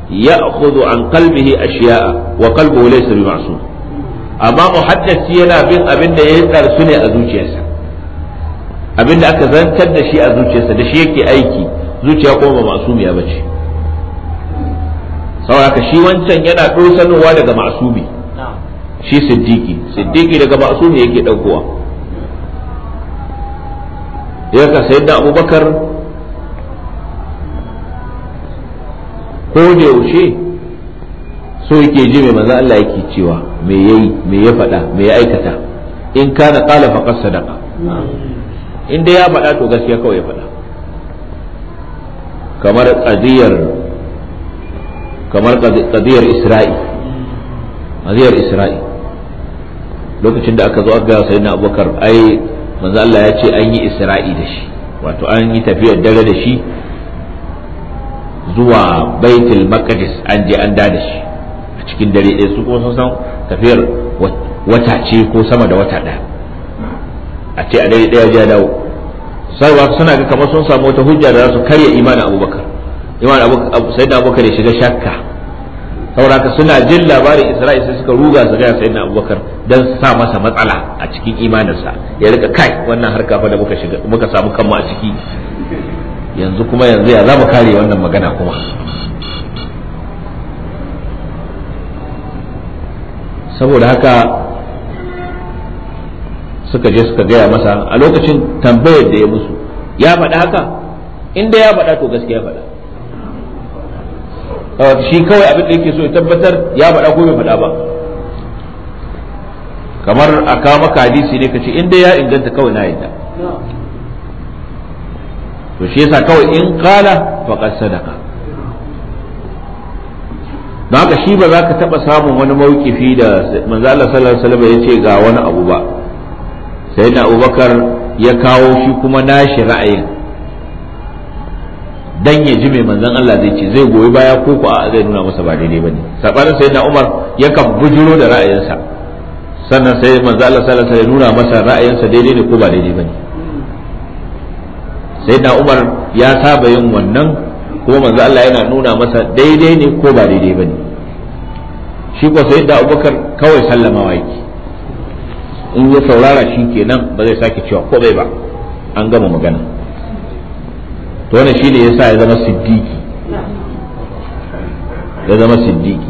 ya'khudhu an qalbihi ashiya'a wa qalbuhu laysa bi ma'sum amma muhaddasi yana bin abin da ya karsu ne a zuciyarsa abin da aka zantar da shi a zuciyarsa da shi yake aiki zuciya kuma ba masumiya bace saboda shi wancan yana dosanowa daga masumi shi siddiqi siddiqi daga masumi yake daukowa yaka da abubakar ko da yaushe so yake ji mai manzo Allah yake cewa me yayi me ya faɗa me ya aikata in kana qala faqad sadaqa in dai ya faɗa to gaskiya kawai ya faɗa kamar qadiyar kamar qadiyar isra'i qadiyar isra'i lokacin da aka zo aka ga sayyidina abubakar ai manzo Allah ya ce an yi isra'i da shi wato an yi tafiyar dare da shi zuwa baitul maqdis an je an da shi a cikin dare ɗaya su kuma sun san tafiyar wata ce ko sama da wata ɗaya a ce a dare ɗaya ya dawo sai suna ga kamar sun samu wata hujja da za su karya imanin abubakar imanin abubakar sai da abubakar ya shiga shakka sauraka suna jin labarin isra'i sai suka ruga su gaya da abubakar dan sa masa matsala a cikin imaninsa ya rika kai wannan harka fa da muka shiga muka samu kanmu a ciki yanzu kuma yanzu ya zama kare wannan magana kuma saboda haka suka je suka gaya masa a lokacin tambayar da ya musu ya faɗa haka inda ya faɗa to gaskiya faɗa shi kawai abin da yake so ya tabbatar ya faɗa ko bai faɗa ba kamar a kawo maka hadisi ne ka ce inda ya inganta kawai na yadda to shi yasa kawai in kala faƙar sadaka. don haka shi ba za ka taɓa samun wani mawukifi da Manzala Allah sallallahu alaihi wasallam ya ce ga wani abu ba na abubakar ya kawo shi kuma nashi ra'ayin dan ya ji mai manzan Allah zai ce zai goyi baya ko ko zai nuna masa ba daidai bane sabarin na Umar ya kan bujuro da ra'ayinsa sannan sai manzan Allah sallallahu alaihi ya nuna masa ra'ayinsa daidai ne ko ba daidai bane na Umar ya saba yin wannan kuma manzan Allah yana nuna masa daidai ne ko ba daidai bane shi ko da Abubakar kawai sallama waki in ya saurara shi kenan ba zai sake cewa ko bai ba an gama magana to wannan shi ne yasa ya zama siddiki ya zama siddiki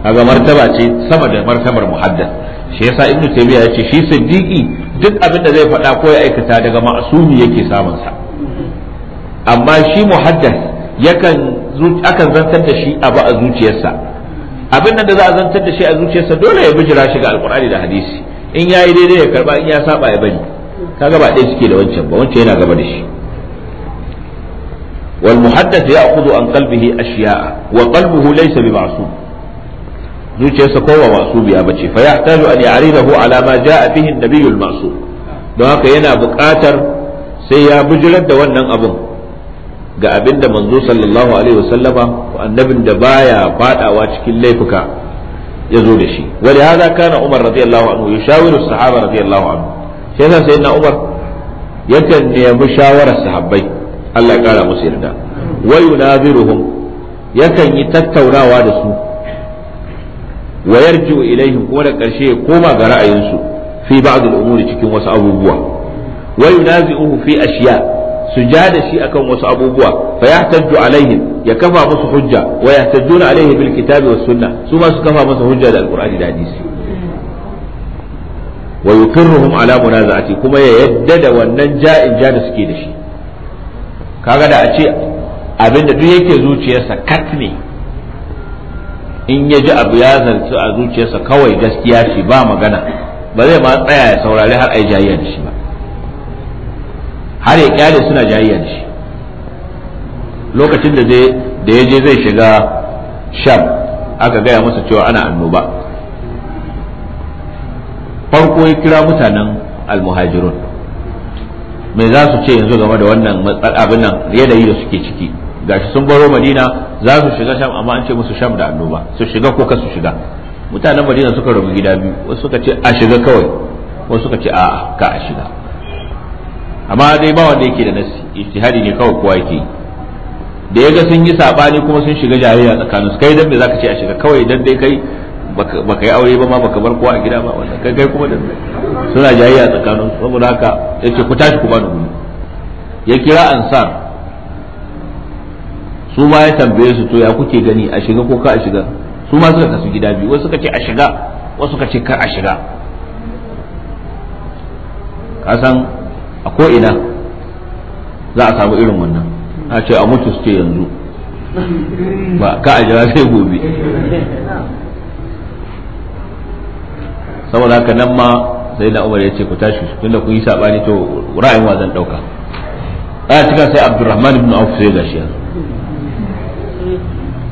kaga martaba ce sama da martabar muhaddas, shi yasa ibnu taymiya yace shi siddiqi duk abin da zai faɗa ko ya aikata daga ma'asumi yake samun sa amma shi muhaddas yakan akan zantar da shi abu a zuciyarsa abin da za a zantar da shi a zuciyarsa dole ya bijira shi ga alqur'ani da hadisi in ya yi daidai ya karba in ya saba ya bari ka gaba ɗaya suke da wancan ba wancan yana gaba da shi wal muhaddath ya'khudhu an qalbihi ashiya'a wa qalbuhu laysa bi ma'sum zuciyarsa kowa biya bace fa yahtaju an ya'ridahu ala ma ja'a bihi an-nabiy al-ma'sum don haka yana buƙatar sai ya bujirar da wannan abun ga abinda manzo sallallahu alaihi wasallama annabin da baya fadawa cikin laifuka ya zo da shi wani haza kana umar radiyallahu anhu ya shawiru sahaba radiyallahu anhu sai yasa sai na umar yakan nemi shawarar sahabbai Allah ya kara musu yarda yunaziruhum yakan yi tattaunawa da su wa yarji'u ilaihim kuma da karshe ya koma ga ra'ayinsu fi ba'd al-umuri cikin wasu abubuwa wa yunazi'uhu fi ashiya' su ja da shi akan wasu abubuwa fa yahtajju alaihi ya kafa musu hujja wa yahtajjuna alaihi bil kitabi was sunna su ma su kafa musu hujja da alqur'ani da hadisi wa yuqirruhum ala munaza'ati kuma ya yadda da wannan ja'in ja da suke da shi kaga da a ce abinda duk yake zuciyarsa kat ne in ya ji abu ya zarci a zuciyarsa kawai gaskiya ce ba magana ba zai ma tsaya ya saurari har ai jayya da shi ba har ya kyale suna jayayya da shi lokacin da da ya je zai shiga sham aka gaya masa cewa ana annoba farko ya kira mutanen almuhajirun me za su ce yanzu game da wannan abin nan yanayi da suke ciki gashi sun baro madina za su shiga sham amma an ce musu sham da annoba su shiga ko su shiga mutanen madina suka rabu gida biyu wasu suka ce a shiga kawai wasu suka ce a ka a shiga amma dai ba wanda yake da nasi ijtihadi ne kawai kowa yake da ya ga sun yi sabani kuma sun shiga jayayya tsakaninsu kai dan me zaka ce a shiga kawai dan dai kai baka yi aure ba ma baka bar kowa a gida ba wanda kai kai kuma dan suna jayayya tsakaninsu saboda haka yace ku tashi ku ba ni ya kira ansar su ma ya tambaye su to ya kuke gani a shiga ko ka a shiga su ma suka kasu gida biyu wasu suka ce a shiga wasu suka ce kar a shiga kasan a ko ina za a samu irin wannan a ce a mutu su ce yanzu ba ka a jira sai gobe saboda haka nan ma sai na umar ya ce ku tashi tunda kun yi sabani to ra'ayin wa zan dauka ana cika sai abdurrahman ibn auf sai gashi yanzu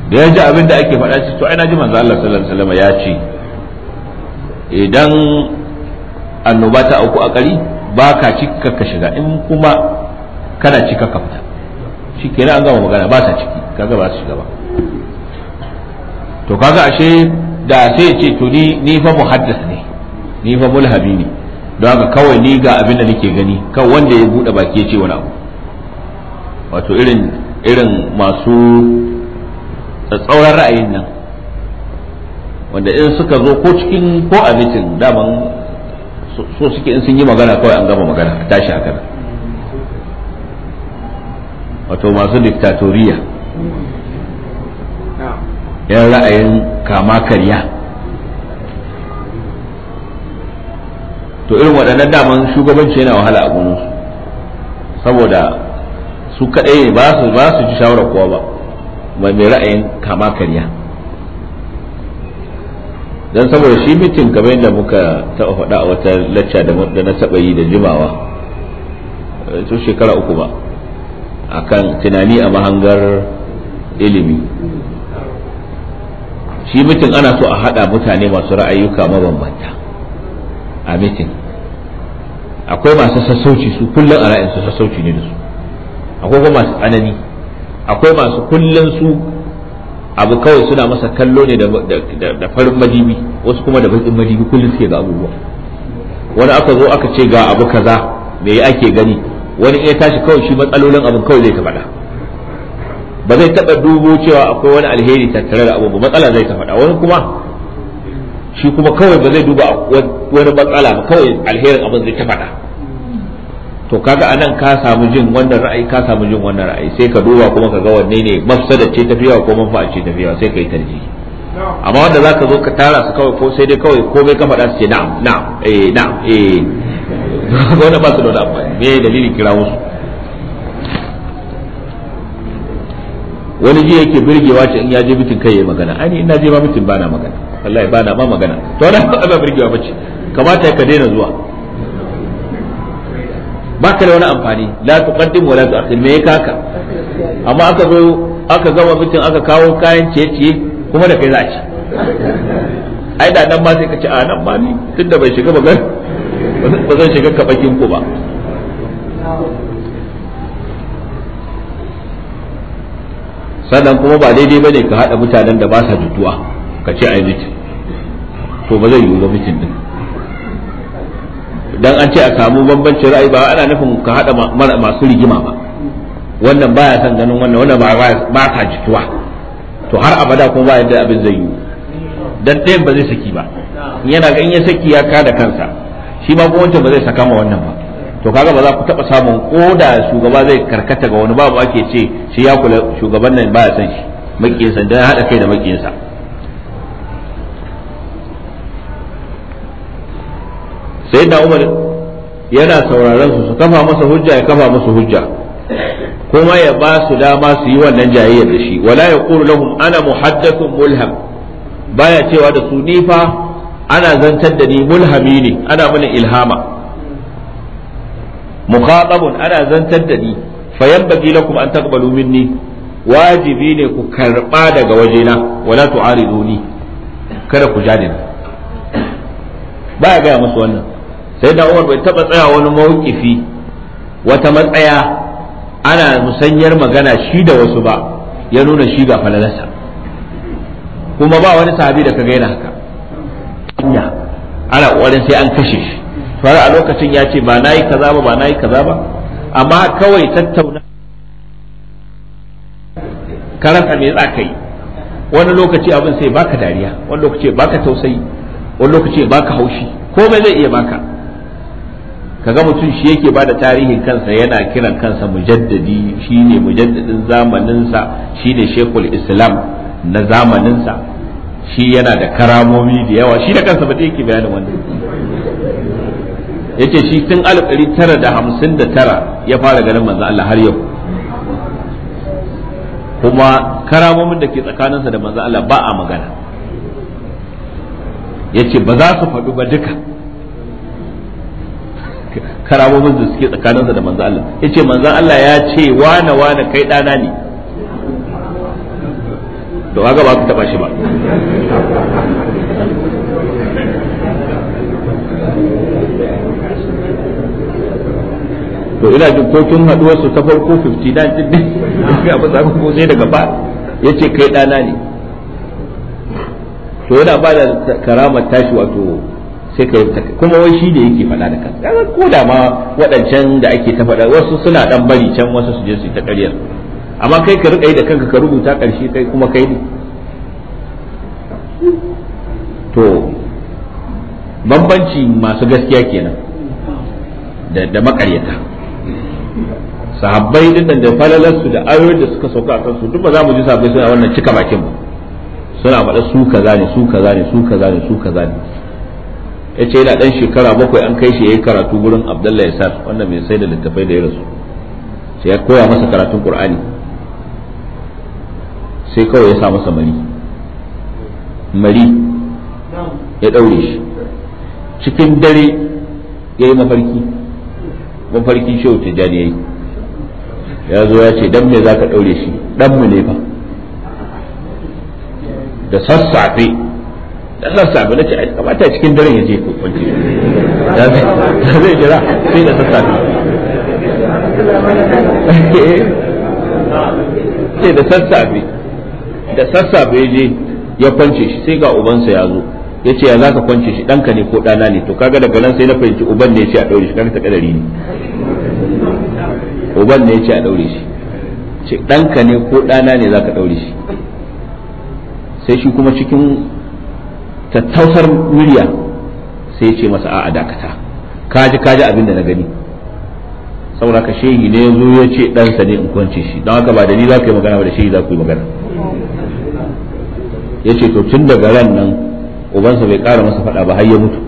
da ya ji abin da ake faɗa ce to ai na ji manzo Allah sallallahu alaihi wasallam ya ce idan annoba ta auku a ƙari ba ka cika ka shiga in kuma kana cika ka fita shi kenan an gama magana ba sa ciki kaga ba su shiga ba to kaga ashe da sai ce to ni ni fa muhaddas ne ni fa mulhabi ne don haka kawai ni ga abin da nake gani kan wanda ya bude baki ya ce wani abu wato irin irin masu tsatsauran ra'ayin nan wanda in suka zo ko cikin ko a mitin daman so suke in sun yi magana kawai an gama magana a tashi haka wato masu diktatoriya yan ra'ayin kama karya to irin waɗannan daman shugabanci yana wahala a gunansu saboda su kaɗai ba su ji shawarar kowa ba mai ra'ayin kama karya don saboda shi mitin kamar yadda muka taɓa faɗa a wata lacca da na taɓa yi da jimawa eh, to shekara uku ba akan tunani a mahangar ilimi shi mitin ana so a haɗa mutane masu ra'ayyuka mabambanta a mitin akwai masu sassauci su kullum a ra'ayin su sassauci ne da su akwai kuma masu tsanani akwai masu kullum su abu kawai suna masa kallo ne da farin madibi wasu kuma da bakin madibi kullum suke ga abubuwa wani aka zo aka ce ga abu kaza me ake gani wani iya tashi kawai shi matsalolin abin kawai zai ta faɗa ba zai taɓa dubo cewa akwai wani alheri tattare da abubuwa matsala zai ta faɗa wani kuma shi kuma kawai ba zai duba wani matsala ba kawai alherin abin zai ta faɗa to kaga anan ka samu jin wannan ra'ayi ka samu jin wannan ra'ayi sai ka duba kuma ka ga wanne ne mafsada ce tafiya ko manfa'a ce tafiya sai ka yi tarji amma wanda zaka zo ka tara su kawai ko sai dai kawai komai ka faɗa su ce na'am na'am eh na'am eh wanda ba su da wani amfani me dalili kira musu wani ji yake birgewa ce in ya je mitin kai ya magana ani ina je ma mitin bana magana wallahi bana ma magana to wannan ba birgewa bace kamata ka daina zuwa ba ka da wani amfani la tuqaddim wala la tu'akhir me kaka amma aka zo aka gama mutum aka kawo kayan ciye-ciye kuma da kai za a ci ai da nan ma sai ka ci a nan ma ni tunda bai shiga ba ba zan shiga bakin ku ba sannan kuma ba daidai bane ka haɗa mutanen da ba sa jituwa ka ce ai miki to ba zai yiwu ba mutum din dan an ce a samu bambancin ra'ayi ba ana nufin ka hada masu rigima ba wannan baya son ganin wannan wannan ba ta jituwa to har abada kuma ba yadda abin zai yi dan ɗayan ba zai saki ba yana ga in ya saki ya kada kansa shi ma kuma wancan ba zai saka ma wannan ba to kaga ba za ku taba samun koda shugaba zai karkata ga wani babu ake ce shi ya kula shugaban nan baya son shi makiyinsa dan hada kai da makiyinsa sai da umar yana sauraron su su kafa masa hujja ya kafa masa hujja kuma ya ba su dama su yi wannan jayayyar da shi wala ya yaqulu lahum ana muhaddathun mulham baya cewa da su ni fa ana zantar da ni mulhami ne ana mini ilhama mukhatabun ana zantar da ni fayanbaghi lakum an taqbalu minni wajibi ne ku karba daga wajena wala tu'ariduni kada ku jadina ba ya gaya musu wannan sai da umar bai taba tsaya wani mawukifi wata matsaya ana musanyar magana shi da wasu ba ya nuna shi ga falalarsa kuma ba wani sahabi da kaga yana haka ana kokarin sai an kashe shi fara a lokacin ya ce ba na yi kaza ba ba na yi kaza ba amma kawai tattauna karanta me za ka yi wani lokaci abin sai baka dariya wani lokaci baka tausayi wani lokaci baka haushi komai zai iya baka kaga mutum shi yake bada tarihin kansa yana kiran kansa mujaddadi shine mujaddadin zamaninsa shine shekul islam na zamaninsa shi yana da karamomi da yawa shi da kansa ba yake bayanin wannan yake shi tun tara da da hamsin tara ya fara ganin manzo Allah har yau kuma karamomin da ke tsakaninsa da manzo Allah ba a magana yace ba za su faɗu ba duka karamomin da suke tsakaninsa da manzo Allah yace manzo Allah ya ce wane wane kai dana ne to kaga ba ku taba shi ba to ina jin ko kin haduwar su ta farko 59 din ne ga ba za ko sai daga ba yace kai dana ne to yana ba da karamar tashi wato sai ka kuma wai shi da yake faɗa da kansa ko da ma waɗancan da ake ta faɗa wasu suna ɗan bari can wasu su je su ta ƙaryar amma kai ka riƙa yi da kanka ka rubuta ƙarshe kai kuma kai ne to bambanci masu gaskiya kenan da da makaryata sahabbai din da falalarsu da ayoyin da suka sauka a kansu duk ba za mu ji sahabbai suna wannan cika bakin ba suna faɗa su kaza ne su kaza ne su kaza ne su kaza ne ya ce yana dan shekara bakwai an kai shi ya yi karatu gurin ya sar wanda mai sai da littafai da ya rasu sai ya koya masa karatun kur'ani sai kawai ya sa masa mari mari ya ɗaure shi cikin dare ya yi mafarki shi wuce jani ya yi ya zo ya ce dan me za ka ɗaure shi ɗanmu ne fa da sassafe dan na sabu na ce ai kamata cikin daren ya je ko kwanci da zai jira sai da sassafe sai da sassafe da sassafe ya je ya kwance shi sai ga ubansa ya zo ya ce ya za ka kwance shi ɗanka ne ko ɗana ne to kaga daga nan sai na fahimci uban ne ya ce a ɗaure shi kaga ta ƙadari ne uban ne ya ce a ɗaure shi ce ɗanka ne ko ɗana ne za ka ɗaure shi sai shi kuma cikin tattausar murya sai ce masa a'a dakata kaji kaji abin da na gani saboda ka shehi ne yanzu ya ce ɗansa ne in kwance shi don haka ba da ni za ku yi magana ba da shehi za ku yi magana ya ce to tun daga ran nan ubansa bai ƙara masa faɗa ba har ya mutu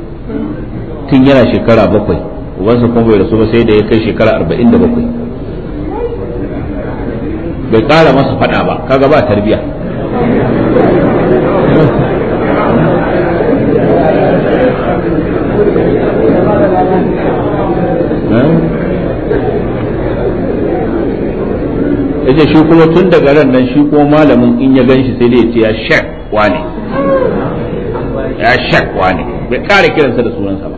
tun yana shekara bakwai ubansa kuma bai rasu ba sai da ya kai shekara arba'in da bakwai bai ƙara masa faɗa ba kaga ba tarbiyya yace shi kuma tun daga ran nan shi kuma malamin in ya ganshi sai dai ya ce ya shek wane ya shek wani bai kare kiransa da sunansa ba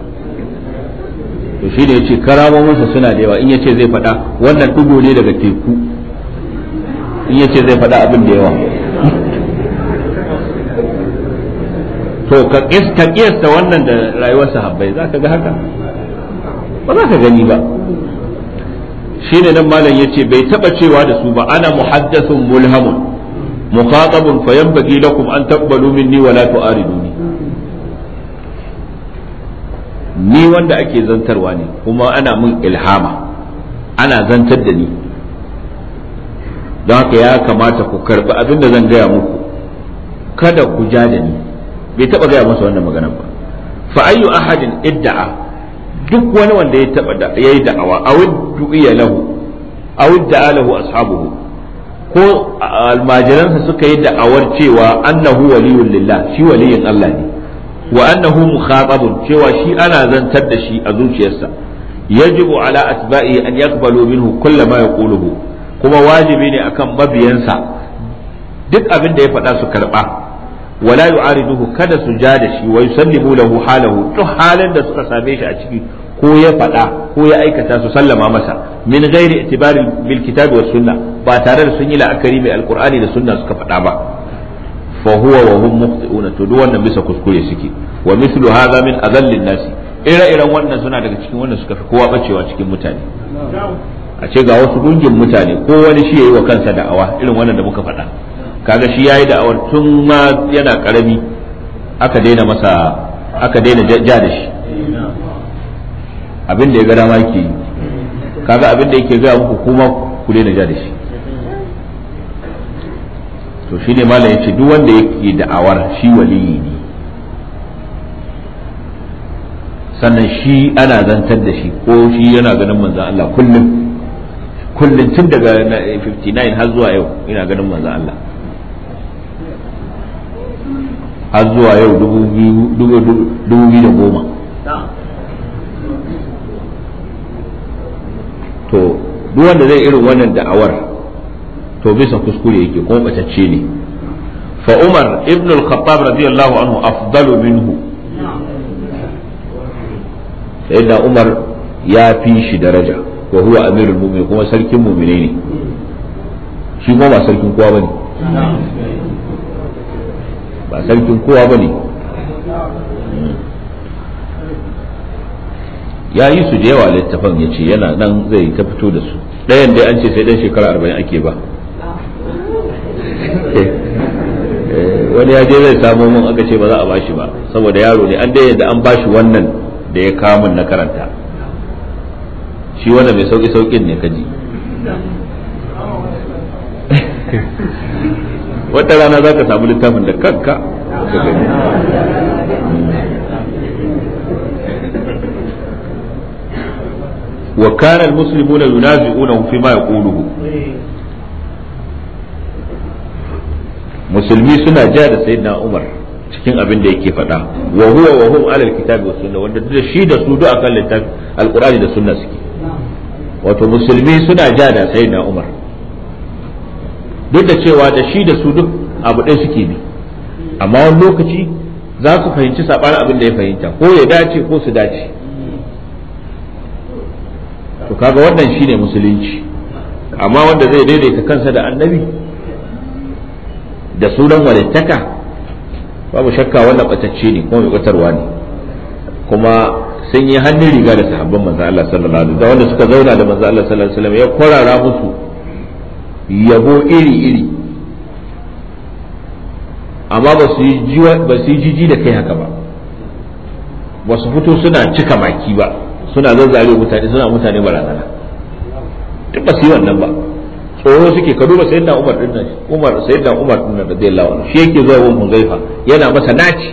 to shi ne yace karamominsa suna da yawa in yace zai fada wannan dugo ne daga teku in yace zai fada abin da yawa to ka kiyasta wannan da rayuwar sahabbai za ka ga haka ba za ka gani ba shine nan malam yace bai taba cewa da su ba ana muhaddathun mulhamun مخاطب lakum an taqbalu minni wa la tu'ariduni ni wanda ake zantarwa ne kuma ana mun ilhama ana zantar da ni don haka ya kamata ku karbi abin da zan gaya muku kada ku ja da ni bai taba gaya masa wannan magana ba fa ayyu ahadin idda'a duk wani wanda ya taba da yayi da'awa aw du'iya lahu aw da'a ashabuhu ko almajiransa suka yi da'awar cewa annahu waliyul lillah shi waliyin Allah ne wa annahu mukhatabun cewa shi ana zantar da shi a zuciyarsa yajibu ala asba'i an yaqbalu minhu kulla ma yaquluhu kuma wajibi ne akan mabiyansa duk abin da ya faɗa su karɓa wala yu'ariduhu kada su ja da shi wa yusallimu lahu halahu duk halin da suka same shi a ciki ko ya faɗa ko ya aikata su sallama masa min ghairi itibari bil kitabi sunna ba tare da sun yi la'akari mai alqur'ani da sunna suka faɗa ba fa wa hum mukhti'una to duk wannan bisa kuskure suke wa mithlu hadha min adallin nasi ire-iren wannan suna daga cikin wannan suka fi kowa bacewa cikin mutane a ce ga wasu gungin mutane ko wani shi yi wa kansa da'awa irin wannan da muka faɗa kaga shi yayi da'awar tun ma yana karami aka daina masa aka daina ja da shi abin da ya ga dama yake yi kaga abin da yake gaya muku kuma ku daina ja da shi to shi ne malam yace duk wanda yake da'awar shi waliyi ne sannan shi ana zantar da shi ko shi yana ganin manzan Allah kullum kullum tun daga 59 har zuwa yau ina ganin manzan Allah har zuwa yau dubu biyu da goma to duk wanda zai irin wannan da'awar to bisa kuskure yake ko batacce ne fa umar ibn al-khattab radiyallahu anhu afdalu minhu sayyidina umar ya fi shi daraja wa huwa amirul mu'minin kuma sarkin mu'mine ne shi kuma ba sarkin kowa bane ba sarkin kowa ba ne ya yi su da yawa littafan ya ce yana nan zai ta fito da su ɗayan dai an ce sai ɗan shekara arba'in ake ba eh, wani ya je zai samo mun aka ce ba za a ba shi ba saboda yaro ne an dai yadda an ba shi wannan da ya kamun na karanta shi wanda mai sauki sauƙin ne kaji wata rana za ka samu littafin da kanka ka gani wa kana almuslimuna yunazi'una fi ma yaquluhu musulmi suna ja da sayyidina Umar cikin abin da yake faɗa wa huwa wa hum alal kitabi wa sunnah wanda da shi da su duk akan littafi alqur'ani da sunna suke wato musulmi suna ja da sayyidina Umar duk da cewa da shi da su duk abu ɗaya suke bi amma wani lokaci za su fahimci saɓanin abin da ya fahimta ko ya dace ko su dace to kaga wannan shine musulunci amma wanda zai daidaita kansa da annabi da sunan walittaka babu shakka wannan batacce ne kuma mai batarwa ne kuma sun yi hannun riga da sahabban manzo Allah sallallahu alaihi wasallam da wanda suka zauna da manzo Allah sallallahu alaihi wasallam ya kwarara musu yabo iri-iri amma ba su yi jiji da kai haka ba ba su fito suna cika maki ba suna zazzare mutane suna mutane barazana duk ba su yi wannan ba tsoro suke ka duba sayyidina Umar din umar sai sayyidina Umar din da zai anhu shi yake zuwa wani Huzaifa yana masa naci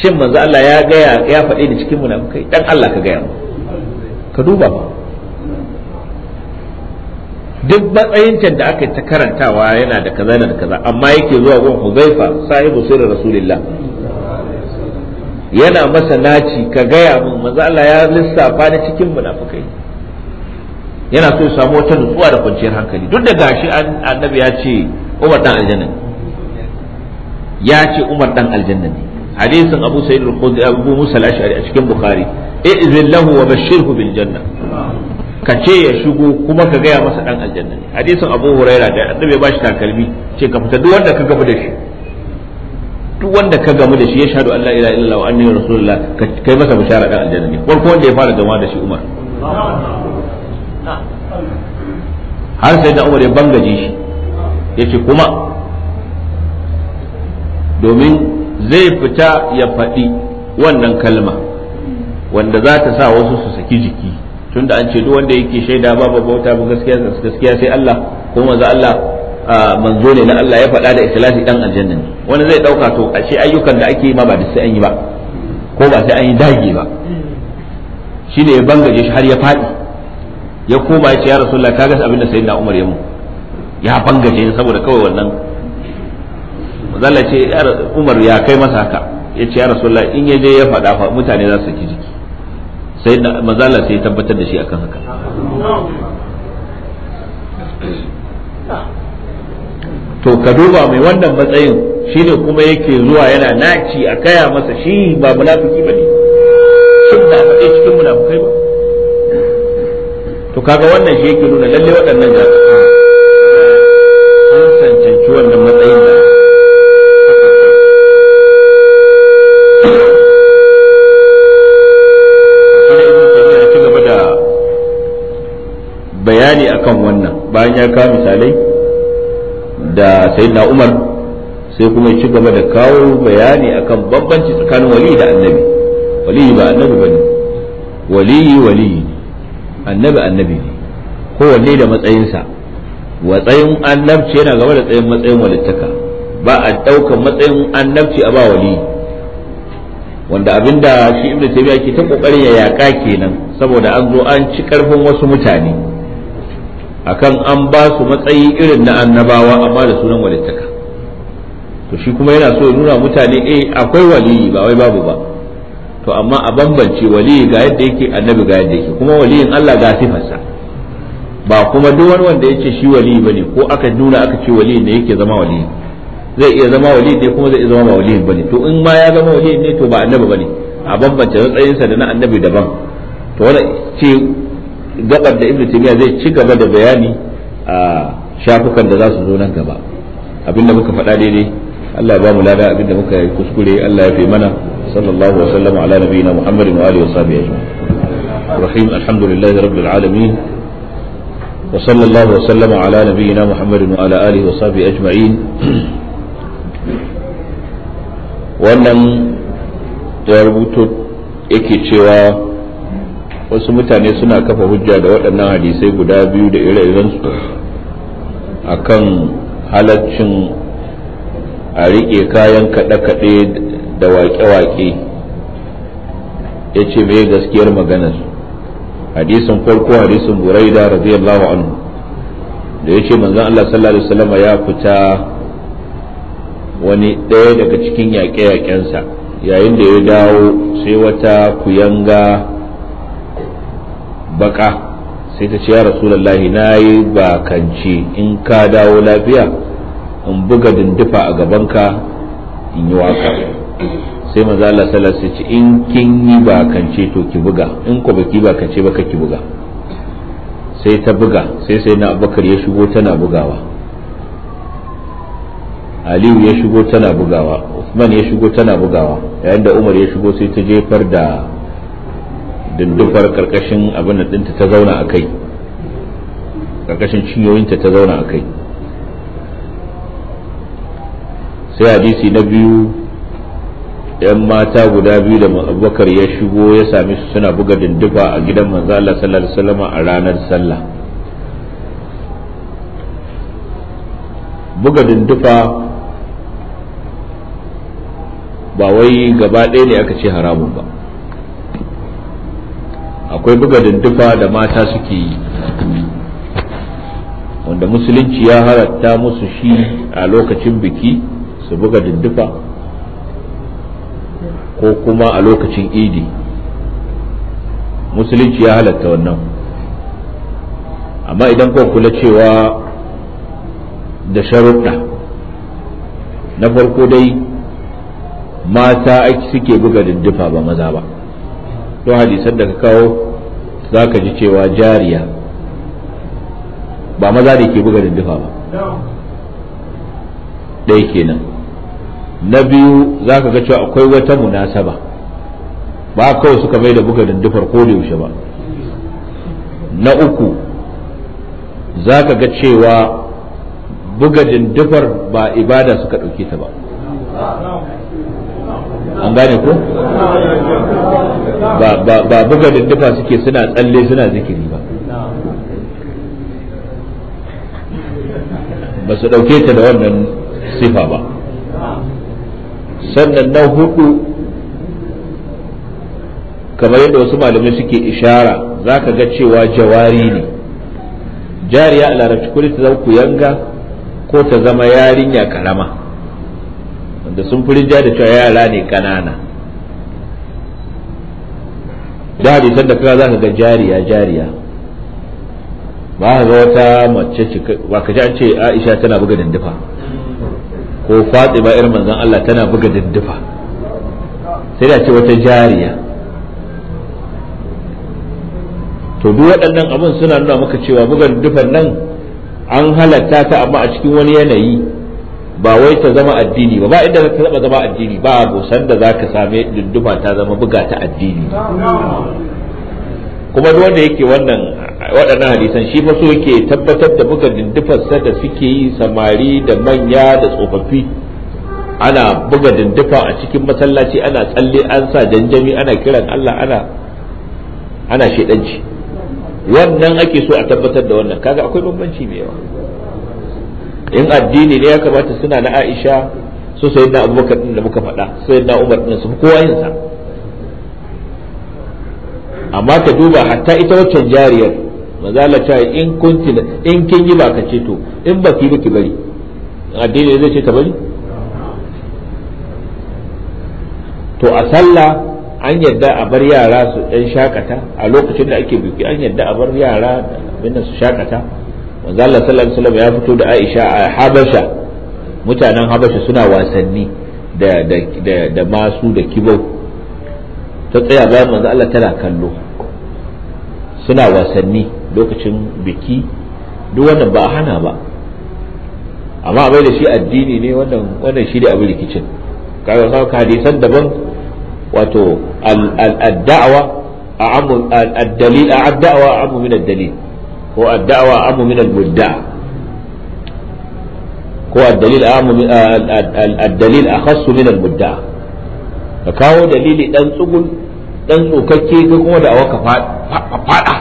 shin manzo Allah ya gaya ya faɗi da cikin munafikai dan Allah ka gaya mu ka duba ba duk matsayin can da aka ta karantawa yana da kaza yana da kaza amma yake zuwa gun Huzaifa sahibu sirri rasulillah. yana masa naci ka gaya mun manzo Allah ya lissafa ni cikin munafikai yana so ya samu wata nutsuwa da kwanciyar hankali duk da gashi annabi ya ce Umar dan aljanna ya ce Umar dan aljanna ne hadisin Abu Sa'id al-Khudri Abu Musa al-Ash'ari a cikin Bukhari i'zin lahu wa bashirhu bil janna ka ce ya shigo kuma ka gaya masa dan aljanna ne hadisin abu huraira da annabi ya bashi takalmi ce ka fita duk wanda ka gamu da shi duk wanda ka gamu da shi ya shahadu Allah ila illa wa annabi rasulullah ka kai masa bishara dan aljanna ne ko wanda ya fara gama da shi Umar har sai da Umar ya bangaje shi yace kuma domin zai fita ya faɗi wannan kalma wanda za ta sa wasu su saki jiki tunda an ce duk wanda yake shaida babu bauta ba gaskiya gaskiya sai Allah ko manzo Allah manzo ne na Allah ya faɗa da ikhlasi dan aljanna ne wani zai dauka to ashe ayyukan da ake yi ma ba da sai an yi ba ko ba sai an yi dage ba shine ya bangaje shi har ya faɗi ya koma ya ce ya rasulullah kaga abin da sayyidina Umar ya mu ya bangaje ni saboda kawai wannan Allah ce Umar ya kai masa haka ya ce ya rasulullah in ya je ya faɗa mutane za su ji jiki sai mazala sai ya tabbatar da shi akan haka to ka duba mai wannan matsayin shine kuma yake zuwa yana naci a kaya masa shi ba munafiki bane shin da faɗe cikin munafikai ba to kaga wannan shi yake nuna lalle waɗannan da an sancanci wannan bayani akan wannan bayan ya kawo misalai da sayyidina umar sai kuma ci gaba da kawo bayani akan bambanci tsakanin wali da annabi wali ba annabi ba ne wali wali annabi annabi ne kowanne da matsayinsa matsayin annabci yana gaba da tsayin matsayin walittaka ba a ɗaukan matsayin annabci a ba wali wanda abinda shi ibnu taymiya ke ta kokarin ya yaka kenan saboda an zo an ci karfin wasu mutane akan an ba su matsayi irin na annabawa amma da sunan walittaka to shi kuma yana so ya nuna mutane eh akwai waliyi ba wai babu ba to amma a bambance waliyi ga yadda yake annabi ga yadda yake kuma waliyin Allah ga sifarsa ba kuma duk wani wanda yake shi waliyi bane ko aka nuna aka ce waliyi ne yake zama waliyi zai iya zama waliyi ne kuma zai iya zama ba waliyi bane to in ma ya zama waliyi ne to ba annabi bane a bambance matsayinsa da na annabi daban to wannan ce gabar da ibnu taymiya zai ci gaba da bayani a shafukan da za su zo nan gaba abinda muka faɗa daidai Allah ya ba mu lada abinda muka yi kuskure Allah ya fi mana sallallahu alaihi wasallam ala nabiyina muhammadin wa alihi wa ajma'in rahim alhamdulillahi rabbil alamin وصلى wannan ya rubuto yake cewa wasu mutane suna kafa hujja da waɗannan hadisai guda biyu da ire-irensu a kan halaccin a riƙe kayan kaɗe-kaɗe da waƙe-waƙe ya ce mai gaskiyar maganar hadisin farko hadisin buraida radiyallahu anhu da ya ce manzan Allah sallallahu alaihi ya fita wani ɗaya daga cikin yaƙe-yaƙensa yayin da ya dawo sai wata kuyanga baka sai ta ce ya rasulullahi na yi bakanci in ka dawo lafiya in buga dindufa a gabanka in yi waka sai manzo Allah sai ce in kin yi bakance to ki buga in ko baki bakance baka ki buga sai ta buga sai sai na abubakar ya shigo tana bugawa aliyu ya shigo tana bugawa usman ya shigo tana bugawa yayin da umar ya shigo sai ta jefar da dindufar karkashin abin ɗinta ta zauna a kai karkashin cinyoyinta ta zauna a kai sai hadisi na biyu yan mata guda biyu da abubakar ya shigo ya sami su suna buga dindufa a gidan manzo Allah sallallahu alaihi a ranar sallah buga dindufa ba wai gaba ɗaya ne aka ce haramun ba akwai buga dindufa da mata suke yi wanda musulunci ya halatta musu shi a lokacin biki su buga dindufa ko kuma a lokacin idi musulunci ya halatta wannan amma idan kuka kula cewa da sharuɗa na farko dai mata suke buga dindufa ba maza ba don hadisan da ka kawo za ka ji cewa jariya ba maza ne ke buga dindifa ba ɗaya kenan na biyu za ka ga cewa akwai wata munasaba ba kawai suka mai da buga dindifar ko da yaushe ba na uku za ka ga cewa buga dindifar ba ibada suka ɗauke ta ba an gane ko ba buga dindifa suke suna tsalle suna zikiri ba ba su ɗauke ta da wannan sifa ba sannan na hudu kamar yadda wasu malamai suke ishara za ka ga cewa jawari ne jariya a larabci kuli ta ku yanga ko ta zama yarinya karama wanda sun fi rinja da cewa yara ne ƙanana da hadisan da kaga zaka ga jariya jariya ba ga wata mace ba ka ji an ce Aisha tana buga dindifa ko Fatima irin manzon Allah tana buga dindifa sai da ce wata jariya to duk waɗannan abin suna nuna maka cewa buga dindifan nan an halatta ta amma a cikin wani yanayi ba wai ta zama addini ba ba inda ta taba zama addini ba gosan da zaka same dunduma ta zama buga ta addini kuma duk wanda yake wannan waɗannan hadisan shi fa so yake tabbatar da buga sa da suke yi samari da manya da tsofaffi ana buga dindufa a cikin masallaci ana tsalle an sa janjami ana kiran Allah ana ana shedanci wannan ake so a tabbatar da wannan kaga akwai bambanci mai yawa in addini ne ya kamata suna na Aisha su sayyidina Abubakar din da muka faɗa sayyidina Umar din su kowa yin sa amma ka duba hatta ita waccan jariyar mazala ta in kunti in kin yi baka ce to in baki ki bari addini zai ce ta bari to a sallah an yadda a bar yara su ɗan shakata a lokacin da ake biki an yadda a bar yara abin su shakata manzo Allah sallallahu alaihi ya fito da Aisha a Habasha mutanen Habasha suna wasanni da da da, da masu da kibau ta tsaya bayan manzo Allah tana kallo suna wasanni lokacin biki duk wannan ba a hana ba amma abai da shi addini ne wannan wannan shi da abin rikicin kaga sa hadisan daban wato al-da'wa a'ammu ad-dalil a'ad-da'wa a'ammu min ad-dalil ko addawa amu min al-mudda ko ad-dalil amu ad-dalil min al-mudda ka kawo dalili dan tsugun dan tsokakke ka kuma da awaka fada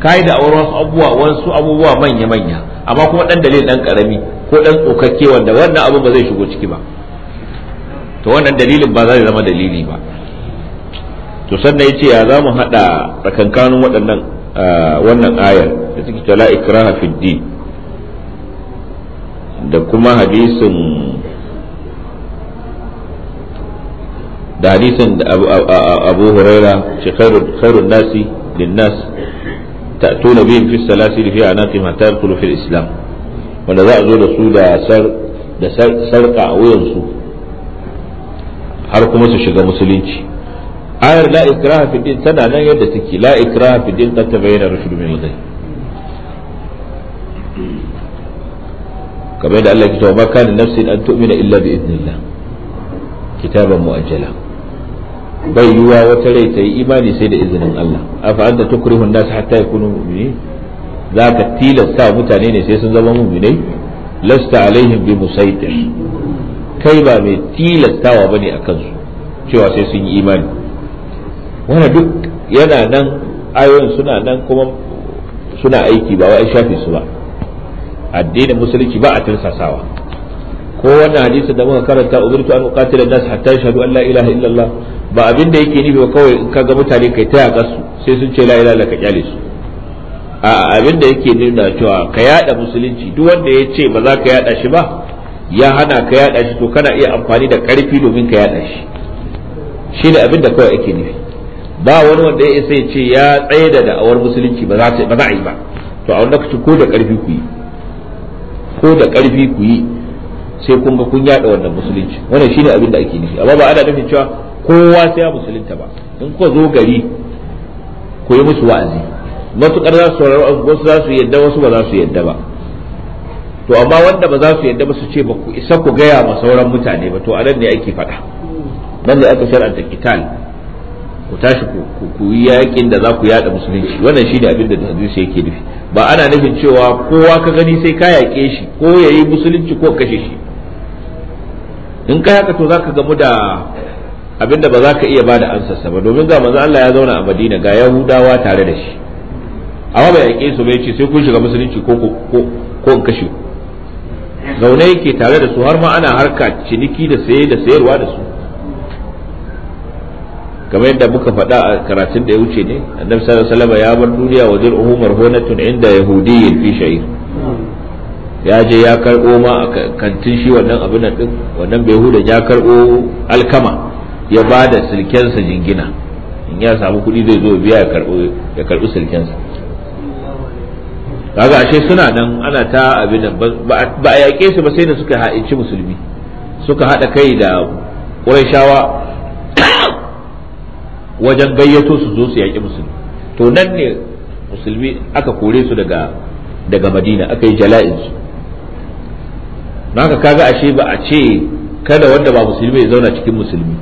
kai da auren wasu abubuwa wasu abubuwa manya manya amma kuma dan dalil dan karami ko dan tsokakke wanda wannan abu ba zai shigo ciki ba to wannan dalilin ba zai zama dalili ba to sannan yace ya zamu hada tsakankanin waɗannan wannan ayar da take ta la ikraha fi din da kuma hadisin da hadisin da abu huraira shi khairun nasi ta tuna bihim fi salasil fi anaqim hatta yadkhulu fi islam wanda za a zo da su da sarƙa a wuyansu har kuma su shiga musulunci ayar la ikraha fi din tana nan yadda take la ikraha fi din qad tabayyana rushd min al kamar da Allah ya tawa maka da nafsin an tu'mina illa bi idnillah kitaban muajjala bai yiwa wata rai ta yi imani sai da izinin Allah afa anta tukrihu an-nas hatta yakunu mu'minin zaka tilasta mutane ne sai sun zama mu'minai lasta alaihim bi musaitir kai ba mai tilastawa bane akan su cewa sai sun yi imani wanda duk yana nan ayoyin suna nan kuma suna aiki ba wai shafi su ba addinin musulunci ba a tirsasawa ko wannan hadisi da muka karanta umirtu an uqatila nas hatta yashhadu an la ilaha illallah ba abin da yake nufi ba kawai in ka ga mutane kai ta yaka su sai sun ce la ilaha illallah ka kyale su a abin da yake nuna cewa ka yada musulunci duk wanda ya ce ba za ka yada shi ba ya hana ka yada shi to kana iya amfani da karfi domin ka yada shi shi ne abin da kawai yake nufi ba wani wanda ya isa ya ce ya tsaye da da'awar musulunci ba za a yi ba to a wani lokacin ko da karfi ku yi ko da karfi ku yi sai kun ga kun yada wannan musulunci wannan shine abin da ake nufi amma ba ana nufin cewa kowa sai ya musulunta ba in ku zo gari ku yi musu wa'azi matukar za su wasu za su yadda wasu ba za su yadda ba to amma wanda ba za su yadda ba su ce ba ku isa ku gaya ma sauran mutane ba to a nan ne ake faɗa nan ne aka shar'anta kital ku tashi ku yi yakin da za ku yada musulunci wannan shine abin da hadisi yake nufi ba ana nufin cewa kowa ka gani sai ka yaƙe shi ko ya yi musulunci ko kashe shi in ka haka to za ka gamu da abin da ba za ka iya ba da ansarsa ba domin ga manzo Allah ya zauna a Madina ga Yahudawa tare da shi amma bai yaƙe su bai ce sai kun shiga musulunci ko ko in kashe zaune yake tare da su har ma ana harka ciniki da saye da sayarwa da su kamar yadda muka faɗa a karatun da ya wuce ne annabi sallallahu alaihi wasallam ya bar duniya wa umar marhunatun inda yahudiyyin fi shayi ya je ya karbo ma a kantin shi wannan abin nan din wannan bai hudan ya karbo alkama ya ba da silkensa jingina in ya samu kuɗi zai zo biya ya karbo silkensa kaga ashe suna nan ana ta abin nan ba a yaƙe su ba sai da suka haɗinci musulmi suka haɗa kai da shawa. wajen gayyato su zo su yaƙi musulmi to nan ne musulmi aka kore su daga daga madina aka yi jala'in su haka kaga ashe ba a ce kada wanda ba musulmi ya zauna cikin musulmi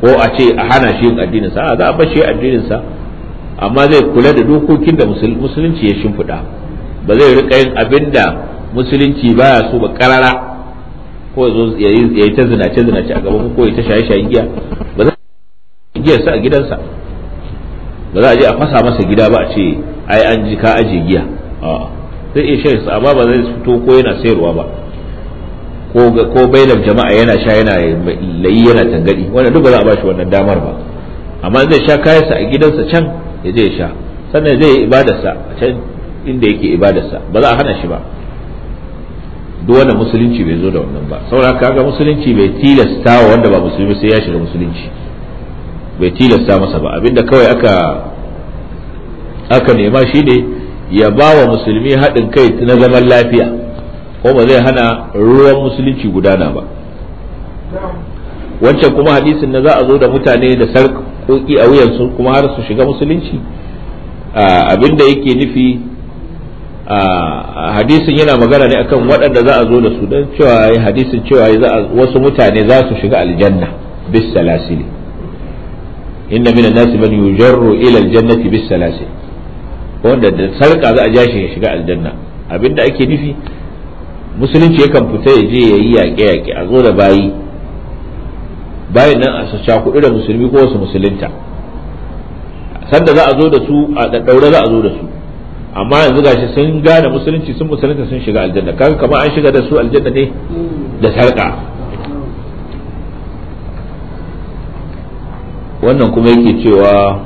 ko a ce a hana shi yin addinin sa za a bashe addinin sa amma zai kula da dokokin da musulunci ya shimfiɗa ba zai rika yin abin da musulunci baya so ba karara ko ya yi ta zinace zinace a gaban ko ya ta shaye shaye giya ba giyarsa a gidansa ba za a je a fasa masa gida ba a ce ai an ji ka aje giya zai iya shan sa amma ba zai fito ko yana sayarwa ba ko bainar jama'a yana sha yana layi yana tangadi wannan duk ba za a bashi wannan damar ba amma zai sha kayansa a gidansa can ya je ya sha sannan zai yi ibadarsa a can inda yake ibadarsa ba za a hana shi ba duk wannan musulunci bai zo da wannan ba saboda kaga musulunci bai tilasta wa wanda ba musulmi sai ya shiga musulunci bai tilasta masa ba abinda kawai aka aka nema shine ya ba wa musulmi haɗin kai na zaman lafiya ko ba zai hana ruwan musulunci gudana ba wancan kuma hadisin na za a zo da mutane da sarƙoƙi a wuyansu kuma har su shiga musulunci abinda yake nufi hadisin yana magana ne akan waɗanda za a zo da su don cewa hadisin cewa wasu mutane za su shiga aljanna bis salasili inna minan nasi man yujarru ila aljannati bis salasi wanda da sarka za a ja shi ya shiga aljanna abinda ake nufi musulunci yakan fita ya je ya yi yaƙe yaƙe a zo da bayi bayan nan a cakuɗu da musulmi ko wasu musulunta sanda za a zo da su a ɗaɗɗaure za a zo da su amma yanzu gashi sun gane musulunci sun musulunta sun shiga aljanna kaga kamar an shiga da su aljanna ne da sarka wannan kuma yake cewa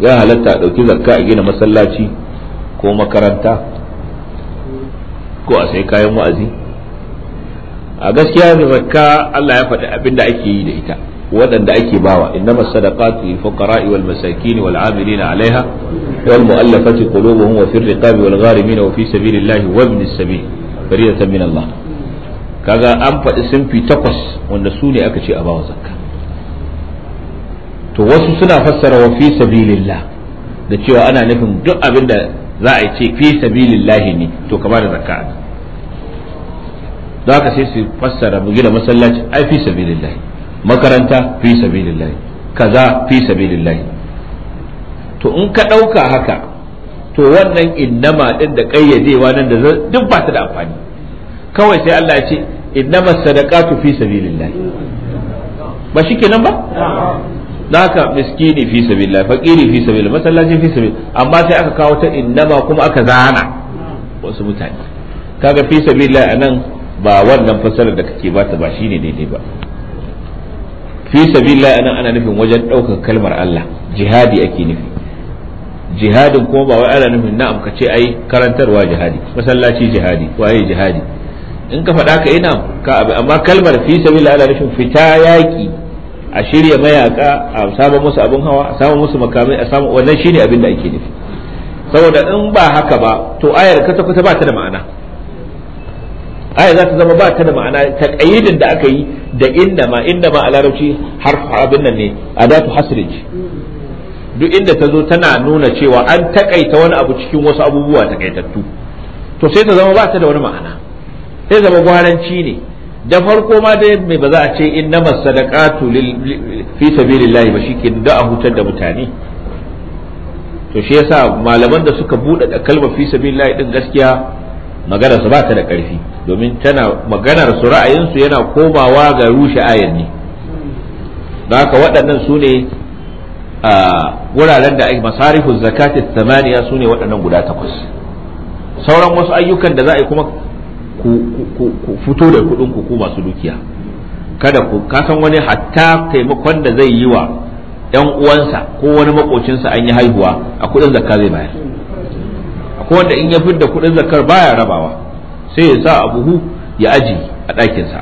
ya halatta a ɗauki zakka a gina masallaci ko makaranta ko a sai kayan wa'azi a gaskiya da zakka Allah ya faɗi abin da ake yi da ita waɗanda ake bawa inna sadaqatu lil fuqara'i wal masakin wal 'amilina 'alayha wal mu'allafati qulubuhum wa fil riqabi wal gharimin wa fi sabilillahi wa ibnis sabil fariyatan min Allah kaga an faɗi sunfi takwas wanda su ne aka ce a bawa zakka to wasu suna fassara wa fi sabilillah da cewa ana nufin duk abin da za a ce fi sabilillahi ne to kama da zakka ana haka sai su fassara mu gina masallaci ai fi sabilillahi makaranta fi sabilillahi kaza fi sabilillahi to in ka ɗauka haka to wannan innama ɗin da ƙayyadewa nan da duk ba ta da amfani kawai sai Allah ya ce innamas sadaqatu fi sabilillah ba nan ba zaka miskini fi sabilillah faqiri fi sabilillah masallaci fi sabilillah amma sai aka kawo ta innama kuma aka zana wasu mutane kaga fi sabilillah anan ba wannan fasalar da kake bata ba shine daidai ba fi sabilillah anan ana nufin wajen daukar kalmar Allah jihadi ake nufi jihadin kuma ba wai ana nufin na'am ka ce ai karantarwa jihadi masallaci jihadi waye jihadi in ka faɗa ka ina ka abu amma kalmar fi sabi la'ala rashin fita yaƙi, a shirya mayaka a samun musu abin hawa a samun musu makamai a samun wannan shine abin da ake nufi saboda in ba haka ba to ayar kata kusa ba ta da ma'ana ayar za ta zama ba ta da ma'ana ta kayyidin da aka yi da inda ma inda ma a larabci har abin nan ne a datu hasirinci duk inda ta zo tana nuna cewa an taƙaita wani abu cikin wasu abubuwa takaitattu to sai ta zama ba ta da wani ma'ana sai zama gwaranci ne da farko ma da mai ba za a ce in sadaqatu fi sabilillahi ba shi ke da a hutar da mutane to shi yasa malaman da suka buɗe kalma fi sabilillahi din gaskiya magana su ba ta da ƙarfi domin tana maganar su ra'ayin yana komawa ga rushe ayan ne da haka waɗannan su ne a wuraren da masarifin zakati samaniya su ne waɗannan guda takwas sauran wasu ayyukan da za a yi kuma ku fito da kuɗin ku ku masu dukiya kada ku kasan wani hatta taimakon da zai yi wa yan uwansa ko wani makocinsa an yi haihuwa a kuɗin zakka zai bayar akwai wanda in ya fidda kuɗin zakkar baya rabawa sai ya sa a buhu ya aji a ɗakinsa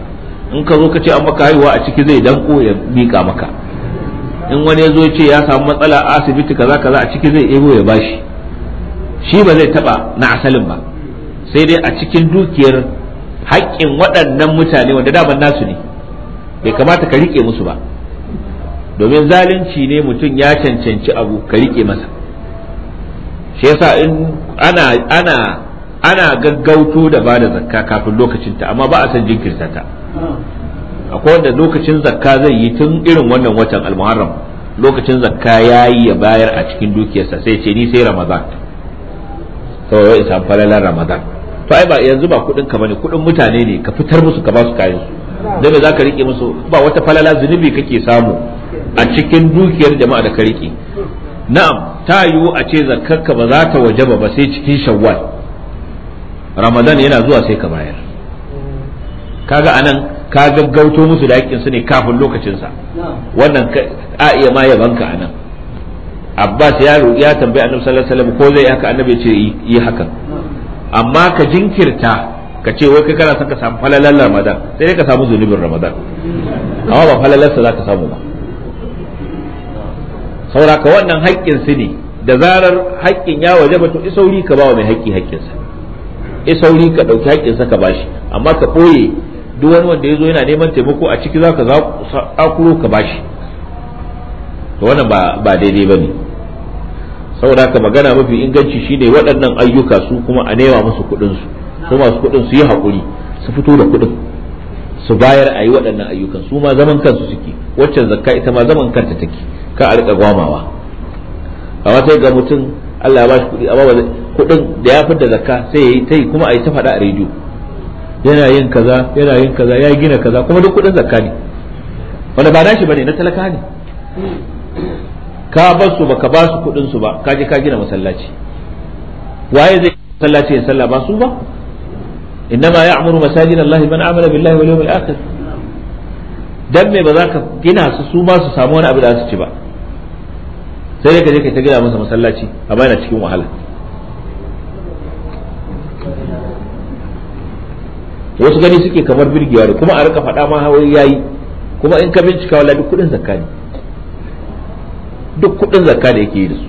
in ka zo ka ce an maka haihuwa a ciki zai danko ya miƙa maka in wani ya zo ce ya samu matsala a asibiti kaza kaza a ciki zai ebo ya bashi shi ba zai taba na asalin ba sai dai a cikin dukiyar haƙƙin waɗannan mutane wanda daman nasu ne bai kamata ka riƙe musu ba domin zalunci ne mutum ya cancanci abu ka riƙe masa shi yasa in ana ana ana gaggauto da bada zakka kafin lokacinta amma ba a san jinkirta ta akwai wanda lokacin zakka zai yi tun irin wannan watan almuharram lokacin zakka ya yi ya bayar a cikin dukiyarsa sai ce ni sai ramadan saboda ya samu falalar ramadan to ai ba yanzu ba kuɗin ka bane kuɗin mutane ne ka fitar musu ka ba su kayan su dan za ka rike musu ba wata falala zunubi kake samu a cikin dukiyar jama'a da ka rike na'am ta yiwu a ce zakarka ba za ta waje ba sai cikin shawwal ramadan yana zuwa sai ka bayar kaga anan ka gaggauto musu da su ne kafin lokacinsa wannan a iya ma banka anan abbas ya roƙi ya tambayi annabi sallallahu alaihi wasallam ko zai haka annabi ce yi haka amma ka jinkirta ka ce wai kai kana son ka samu falalar ramadan sai dai ka samu zunubin ramadan amma ba falalarsa za ka samu ba sauraka wannan haƙƙin su ne da zarar haƙƙin ya waje ba to isauri ka ba wa mai haƙƙi haƙƙinsa isauri ka ɗauki haƙƙinsa ka bashi amma ka ɓoye duk wani wanda ya zo yana neman taimako a ciki za ka zakuro ka bashi to wannan ba daidai ba ne saboda haka magana mafi inganci shine waɗannan ayyuka su kuma a nema musu kuɗin su su masu kuɗin su yi haƙuri su fito da kuɗin su bayar a yi waɗannan ayyukan su ma zaman kansu suke waccan zakka ita ma zaman kanta take ka a riƙa gwamawa amma sai ga mutum Allah ya ba shi kuɗi amma kuɗin da ya fitar zakka sai ya yi kuma a yi ta faɗa a rediyo yana yin kaza yana yin kaza ya gina kaza kuma duk kuɗin zakka ne wanda ba nashi bane na talaka ne ka bar su baka ba su kudin su ba ka je ka gina masallaci waye zai masallaci ya sallah ba su ba innama ya'muru masajid Allah man amala billahi wal yawmil akhir dan me ba za ka gina su su ma su samu wani abu da su ci ba sai dai ka je ka ta gina masa masallaci a yana cikin wahala wasu gani suke kamar birgewa ne kuma a rika faɗa ma hawaye yayi kuma in ka bincika wallahi kudin kuɗin zakka ne duk kudin zakka da yake yi da su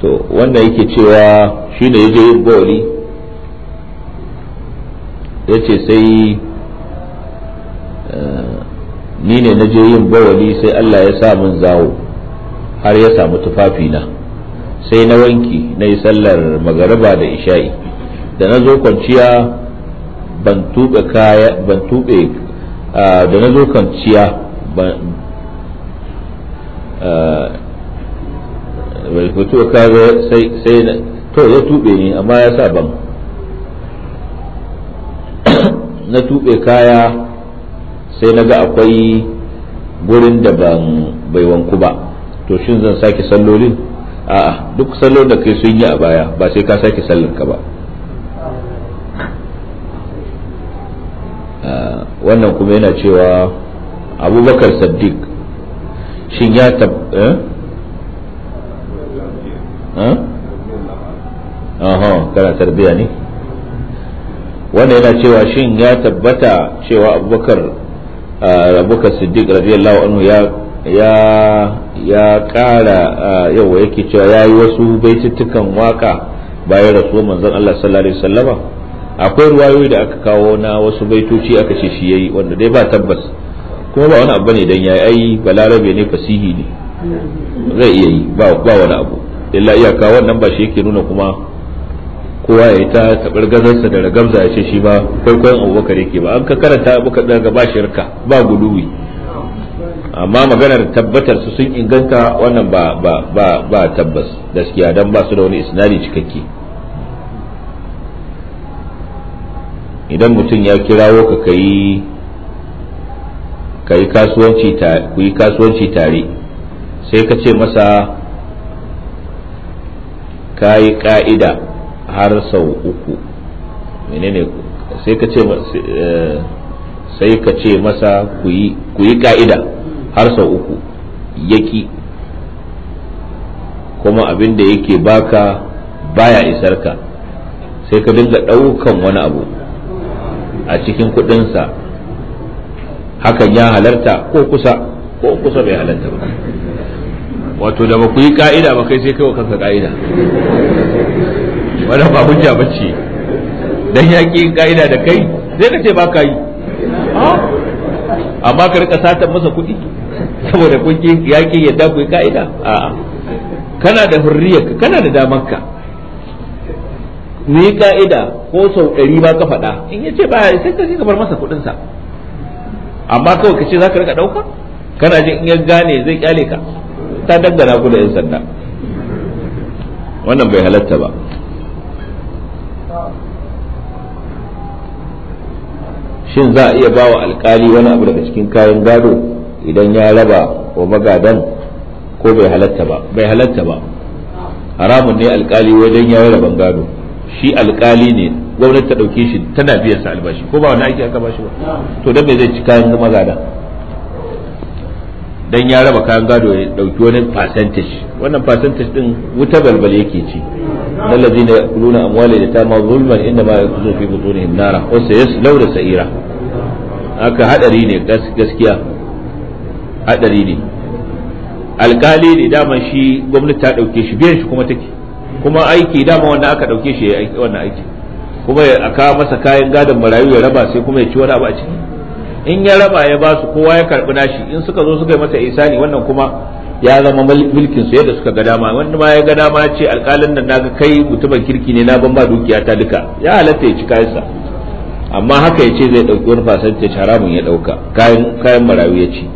to wanda yake cewa shi shine yaje yin bawali ya ce sai eh, ni ne na je yin bawali sai Allah ya sa min zawo har ya samu tufafi na sai na wanki na yi sallar magaraba da isha'i da na zo kwanciya ban tuɓe da na zo kwanciya ba fito ka sai na to ya tube ni amma ya sa ban na tube kaya sai na ga akwai gurin da ban bai wanku ba to shin zan sake sallolin a'a duk sallolin da kai sun yi a baya ba sai ka sake sallar ka ba Uh, wannan kuma yana cewa abubakar saddiq shin ya tab eh? aha kana tarbiya ne wanda yana cewa shin ya tabbata cewa abubakar uh, abubakar saddiq radiyallahu anhu ya ya ya kara uh, yawa yake cewa ya yi wasu baitittukan waka bayan rasuwar manzon Allah sallallahu alaihi wasallama akwai ruwayoyi da aka kawo na wasu baitoci aka ce shi yayi wanda dai ba tabbas kuma ba wani abu ne dan yayi ai balarabe ne fasihi ne zai iya yi ba ba wani abu illa iyaka wannan ba shi yake nuna kuma kowa ya yi ta tabar gazarsa da ragamza ya ce shi ba kwaikwayon abubakar yake ba an ka karanta abubakar daga ba shirka ba guduwi amma maganar tabbatar su sun inganta wannan ba ba ba tabbas gaskiya dan ba su da wani isnadi cikakke idan mutum ya kirawo ka kayi kayi kasuwanci yi kasuwanci tare sai ka ce masa ka ka'ida har sau uku menene sai ka ce sai ka ce masa ku yi ka'ida har sau uku yaki kuma abin da yake baka baya isar ka sai ka dinga ɗaukan wani abu a cikin kuɗinsa hakan ya halarta ko kusa ko kusa bai halarta ba wato da ba ku yi ka'ida ba kai sai kai wa kanka ka'ida wannan ba hujja bace dan ya ki ka'ida da kai sai ka ce ba ka yi ah! amma ka rika satan masa kuɗi saboda kun ki ya ki yadda ku yi ka'ida a'a kana da hurriyarka kana da ka. mu yi ka'ida ko sau ɗari ba ka faɗa in yace ba ya sai ka ji bar masa kuɗinsa amma kawai ka ce za ka rika ɗauka kana jin in ya gane zai kyale ka ta dangana ku da 'yan sanda wannan bai halatta ba shin za a iya ba wa alkali wani abu daga cikin kayan gado idan ya raba wa magadan ko bai halatta ba bai halatta ba haramun ne alkali wajen ya rabon gado shi alkali ne gwamnati ta ɗauke shi tana biyan sa albashi ko ba wani aiki aka bashi ba to dan me zai ci kayan gada dan ya raba kayan gado ya dauki wani percentage wannan percentage din wuta balbal yake ci nan ladina yakuluna amwali da tama zulman inda ma yakuzu fi butunihim nara wa sayaslawna sa'ira haka hadari ne gaskiya hadari ne alkali ne dama shi gwamnati ta ɗauke shi biyan shi kuma take kuma aiki dama wanda aka dauke shi ya yi wannan aiki kuma a kawo masa kayan gadon marayu ya raba sai kuma ya ci wani abu a ciki in ya raba ya ba su kowa ya karbi nashi in suka zo suka yi masa isani wannan kuma ya zama mulkin su yadda suka ga dama wanda ma ya ga dama ya ce alƙalin nan naga kai mutumin kirki ne na ban ba dukiya ta duka ya halatta ya ci kayansa amma haka ya ce zai ɗauki wani fasance haramun ya ɗauka kayan kayan marayu ya ci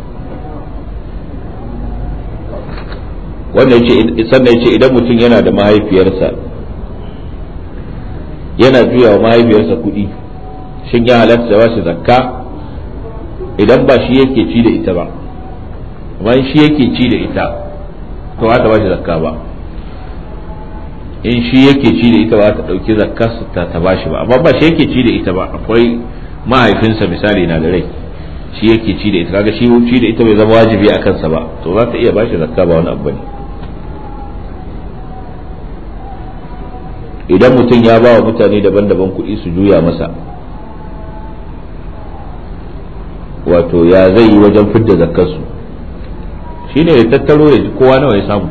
wannan yace sannan ce idan mutum yana da mahaifiyarsa yana juya wa mahaifiyarsa kuɗi shin ya halatta ba shi zakka idan ba shi yake ci da ita ba amma shi yake ci da ita to ba ta ba shi zakka ba in shi yake ci da ita ba ta ɗauki zakka su ta ta ba shi ba amma ba shi yake ci da ita ba akwai mahaifinsa misali na da rai shi yake ci da ita kaga shi ci da ita bai zama wajibi a kansa ba to za ta iya ba shi zakka ba wani abu ne idan mutum ya ba wa mutane daban-daban kuɗi su juya masa wato ya zai yi wajen fidda shi ne ya tattaro ya kowa nawa ya samu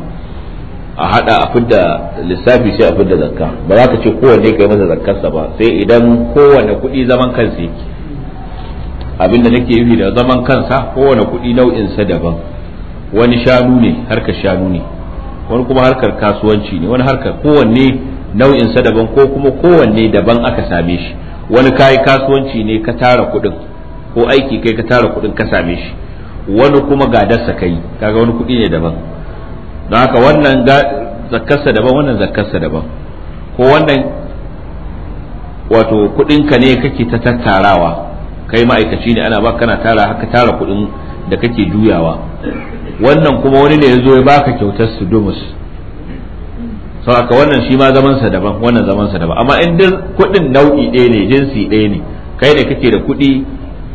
a hada a fidda lissafi sai a fidda zakka ba za ka ce kowanne kai masa zakarsa ba sai idan kowanne kuɗi zaman kansa yake abinda nake yi da zaman kansa kowane kuɗi nau'insa daban wani shanu ne harkar shanu ne wani kuma harkar kasuwanci ne wani harkar kowanne nau'in sa daban ko kuma kowanne daban aka same shi wani kayi kasuwanci ne ka tara kuɗin ko aiki kai ka tara kuɗin ka same shi wani kuma gadarsa kai kaga wani kuɗi ne daban don haka wannan zakkarsa daban wannan zakkarsa daban ko wannan wato kuɗinka ne kake ta tattarawa kai ma'aikaci ne ana ba kana tara haka tara kuɗin da kake juyawa wannan kuma wani ne ya zo ya baka kyautar su dumus sau aka wannan shi ma zamansa daban wannan zamansa daban amma in kuɗin nau'i ɗaya ne jinsi ɗaya ne kai ne kake da kuɗi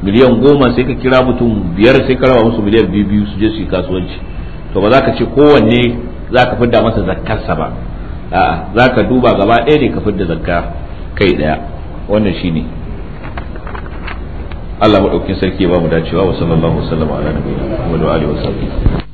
miliyan goma sai ka kira mutum biyar sai ka raba musu miliyan biyu biyu su je su yi kasuwanci to ba za ka ce kowanne za ka fidda masa zakkarsa ba a'a za ka duba gaba ɗaya ne ka fidda zakka kai ɗaya wannan shi ne Allah maɗaukin sarki ya ba mu dacewa wa sallallahu alaihi wa sallam wa alihi wa sahbihi